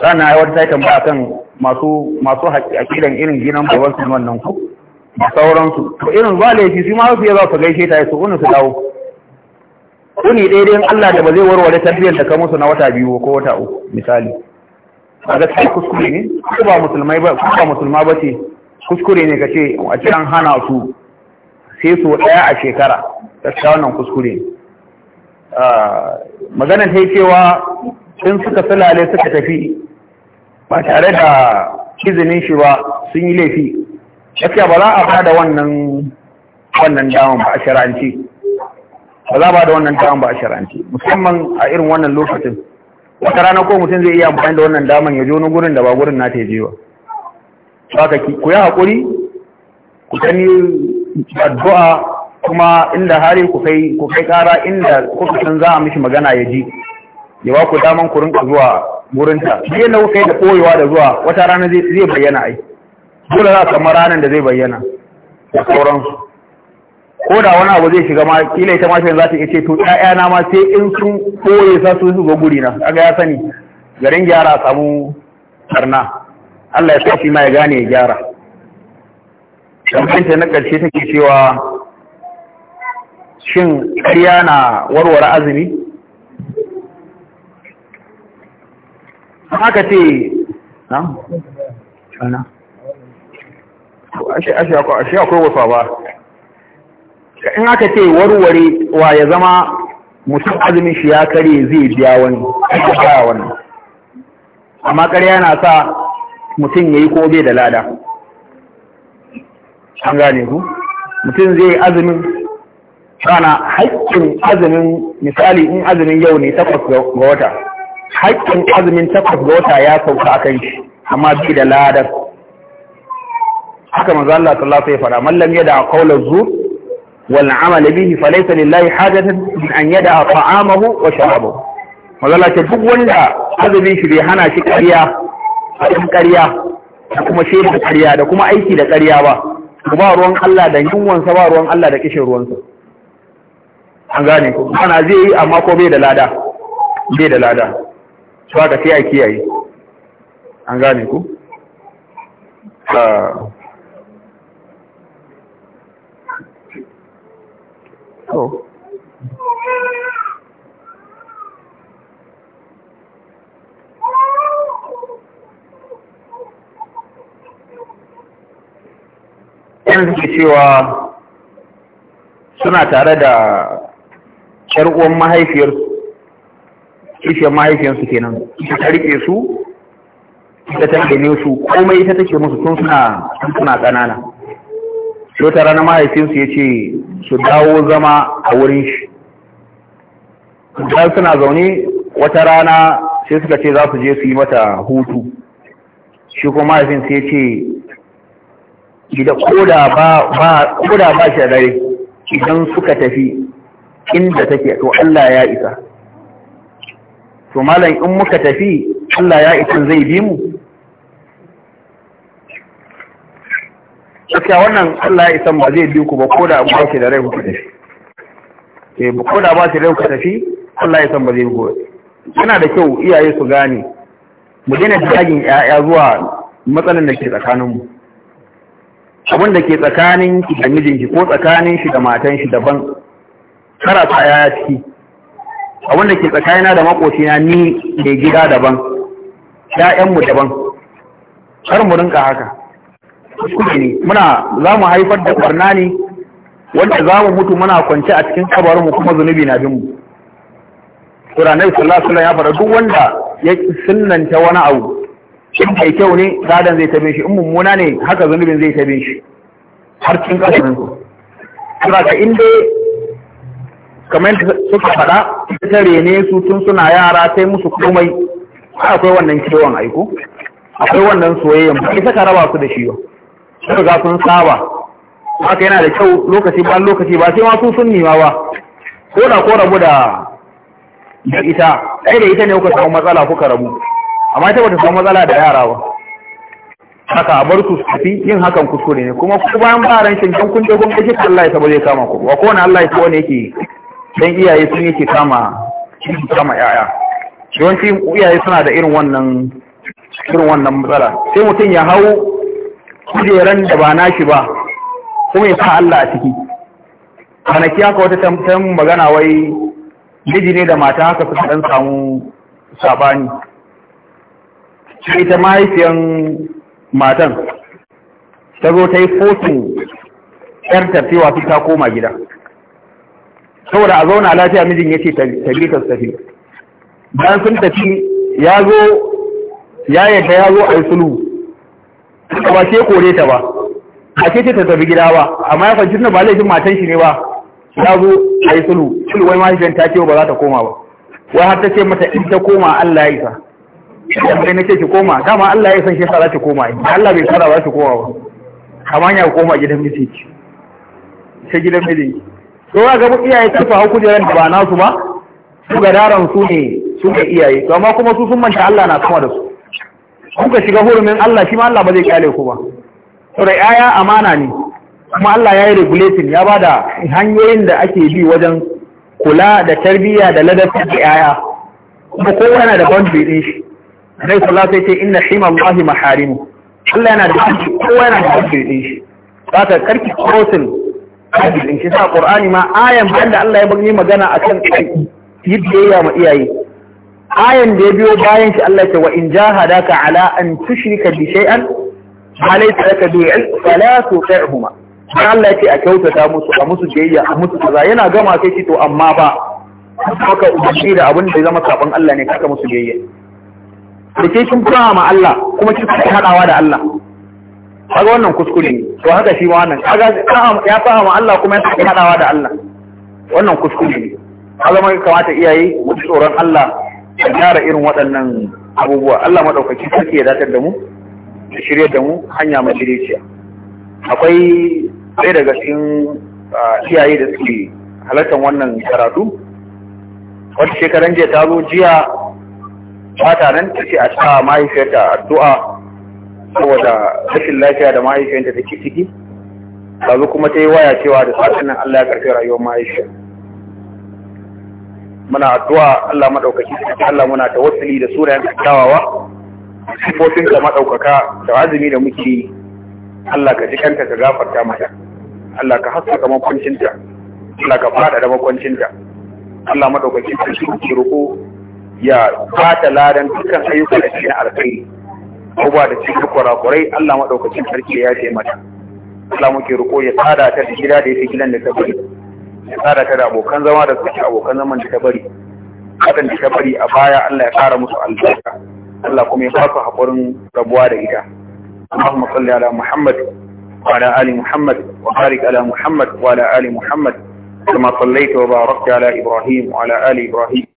A: sana yawar ta tambaya kan masu a akidan irin ginan babar su wannan ku da sauransu to irin zuwa laifi su ma su ya za su gaishe ta su unu su dawo kuni daidai Allah da ba zai warware tarbiyyar da ka musu na wata biyu ko wata uku misali a gaskiya kuskure ne ko ba musulmai ba musulma ba ce kuskure ne ka ce a an hana su sai su ɗaya a shekara gaskiya wannan kuskure ne maganar ta yi cewa in suka salale suka tafi ba tare da izinin shi ba sun yi laifi gaskiya ba za a ba da wannan wannan daman ba a sharanci ba za a ba da wannan daman ba a sharanci musamman a irin wannan lokacin wata rana ko mutum zai iya amfani da wannan daman ya je wani gurin da ba gurin na ta je wa haka ku yi haƙuri ku sani addu'a kuma inda hari ku kai ku kai ƙara inda kuka san za a mishi magana ya ji ya ba ku daman ku rinka zuwa wurinta shi yadda kuka yi da koyewa da zuwa wata rana zai bayyana ai dole za a samu ranar da zai bayyana da sauransu ko da wani abu zai shiga ma kila ita mashin za ta iya ce to ƴaƴana ma sai in sun koye sa su zo guri na kaga ya sani garin gyara samu karna Allah ya sa shi ma ya gane ya gyara tambayinta na ƙarshe take cewa shin ƙarya na warware azumi haka ce na? Shana. ashe akwai wasa ba in aka ce warware wa ya zama mutum azumin shi ya kare zai biya wani ya wani amma ƙarya na sa mutum ya yi ko bai da lada an gane ku mutum zai yi azumin rana haƙƙin azumin misali in azumin yau ne takwas ga wata haƙƙin azumin takwas ga wata ya sauka a kan shi amma bi da ladar haka manzo Allah sallallahu alaihi wasallam mallam yada qawla zur wal amal bihi falaysa lillahi hajatan min an yada ta'amahu wa sharabahu manzo Allah ce duk wanda azumin shi bai hana shi kariya faɗin ƙarya da kuma shaidar ƙarya da kuma aiki da ƙarya ba ba ruwan Allah da yunwansa ba ruwan Allah da kishin ruwansa an gane ku ana zai yi amma ko bai da lada bai da lada su haka sai a kiyaye an gane ku Oh. yan suke cewa suna tare da ƴar'uwan mahaifiyarsu kishiyar mahaifiyarsu kenan ita ta rike su ita ta gane su komai ita take musu tun suna suna ƙanana sai ta rana mahaifinsu ya ce su dawo zama a wurin shi dan suna zaune wata rana sai suka ce za su je su yi mata hutu shi kuma mahaifinsu ya ce idan koda ba ba koda ba idan suka tafi inda take to Allah ya isa to malam in muka tafi Allah ya isa zai bi mu gaskiya wannan Allah ya isa ba zai bi ku ba koda ba shi da rai ku tafi eh koda ba shi rai ku tafi Allah ya san ba zai go yana da kyau iyaye su gane mu daina dagin ya zuwa matsalan da ke tsakaninmu abin da ke tsakanin ki da mijinki ko tsakanin shi da matan shi daban kara ta yaya ciki abin da ke tsakanina da makocina ni mai gida daban ƴaƴanmu daban kar mu rinka haka kuskure ne muna za mu haifar da barna ne wanda za mu mutu muna kwance a cikin kabarinmu kuma zunubi na binmu. Sura Nabi sallallahu alaihi sallam ya fara duk wanda ya sunnanta wani abu shi mai kyau ne gadon zai tabe shi in mummuna ne haka zunubin zai tabe shi har cikin kasarin su kuma ka inda kamar suka faɗa ta rene su tun suna yara sai musu komai akwai wannan kewan aiko akwai wannan soyayyen ba ita ka raba su da shi ba sun ga sun saba
B: haka yana da kyau lokaci ba
A: lokaci ba sai ma su sun nima ba ko da ko rabu da ita ɗaya da ita ne kuka samu matsala kuka rabu amma ita bata samu matsala da yara ba haka a bar su yin hakan kuskure ne kuma ko bayan ba ran shin kun je kun Allah ya zai kama ku wa kowane Allah ya ko ne yake dan iyaye sun yake kama shi kama yaya yawanci iyaye suna da irin wannan irin wannan matsala sai mutum ya hau kujeran da ba nashi ba kuma ya sa Allah a ciki kwanaki haka wata tamtan magana wai miji ne da mata haka suka dan samu sabani ita mahaifiyan matan ta zo ta yi fotin yar tafiwa su ta koma gida saboda a zauna lafiya mijin ya ce tafi ta tafi bayan sun tafi ya zo ya yadda ya zo a yi sulhu
B: ba ce kore ta ba
A: a ce ta tafi gida ba amma ya fanci ba laifin matan shi ne ba ya zo a yi sulhu sulu wai mahaifiyan ta ce ba za ta koma ba wai har ta ce mata in ta koma Allah ya isa idan sai na ce ki koma dama Allah ya san shi yasa za ki koma in Allah bai tsara za ki koma ba kamar ya koma gidan miji ki sai gidan miji to ga ga iyaye ta fa hukuri ran da ba nasu ba su ga daran su ne su ne iyaye to amma kuma su sun manta Allah na kuma da su kuka shiga hurumin Allah shi ma Allah ba zai kyale ku ba to da yaya amana ne kuma Allah ya yi regulating ya bada hanyoyin da ake bi wajen kula da tarbiyya da ladabtar da yaya kuma kowa yana da boundary din shi Annabi sallallahu alaihi wasallam inna hima Allahi maharimu. Allah yana da haƙƙi kowa yana da haƙƙi din shi. Saka karki kotin haƙƙi din shi sa Qur'ani ma ayan banda Allah ya bani magana akan yi ma iyaye. Ayan da ya biyo bayan shi Allah ya ce wa in jahadaka ala an tushrika bi shay'an ma laysa laka bihi ilm fala tuti'huma. Sai Allah ya ce a kyautata musu a musu biyayya a musu kaza yana gama sai shi to amma ba. Haka ubangi da abin da ya zama sabon Allah ne kaka musu biyayya. da ke kin kura ma Allah kuma kin kake hadawa da Allah kaga wannan kuskure ne to haka shi ma wannan kaga ya fara ma Allah kuma ya kake hadawa da Allah wannan kuskure ne kaga mai kamata iyaye mu tsoron Allah ya gyara irin waɗannan abubuwa Allah madaukaki sarki ya datar da mu ya shirye da mu hanya mai shiriciya akwai ɗaya daga cikin ah, iyaye da suke halartar wannan karatu wata shekaran jiya ta zo jiya fata nan ta ce a sa mahaifiyarta addu'a saboda rashin lafiya da mahaifiyarta take ciki zo kuma ta yi waya cewa da satin nan Allah ya karfe rayuwar mahaifiyar muna addu'a Allah madaukaki Allah muna tawassuli da sunayen kyawawa sifofin da madaukaka da azumi da muke yi Allah ka ji kanta ka gafarta mata Allah ka haskaka makwancinta Allah ka fada da makwancinta Allah madaukaki ka shi roƙo ya ba da ladan dukkan ayyukan da shi na alkhairi abubuwa da cikin kurakurai Allah maɗaukacin sarki ya ce mata Allah muke roƙo ya tsada ta da gida da yake gidan da ta bari ya tsada ta da abokan zama da suke abokan zaman da ta bari haɗin da ta bari a baya Allah ya ƙara musu albarka Allah kuma ya ba su haƙurin rabuwa da ita Allahumma salli ala Muhammad wa ala ali Muhammad wa barik ala Muhammad wa ala ali Muhammad كما صليت ala Ibrahim wa ala Ali Ibrahim.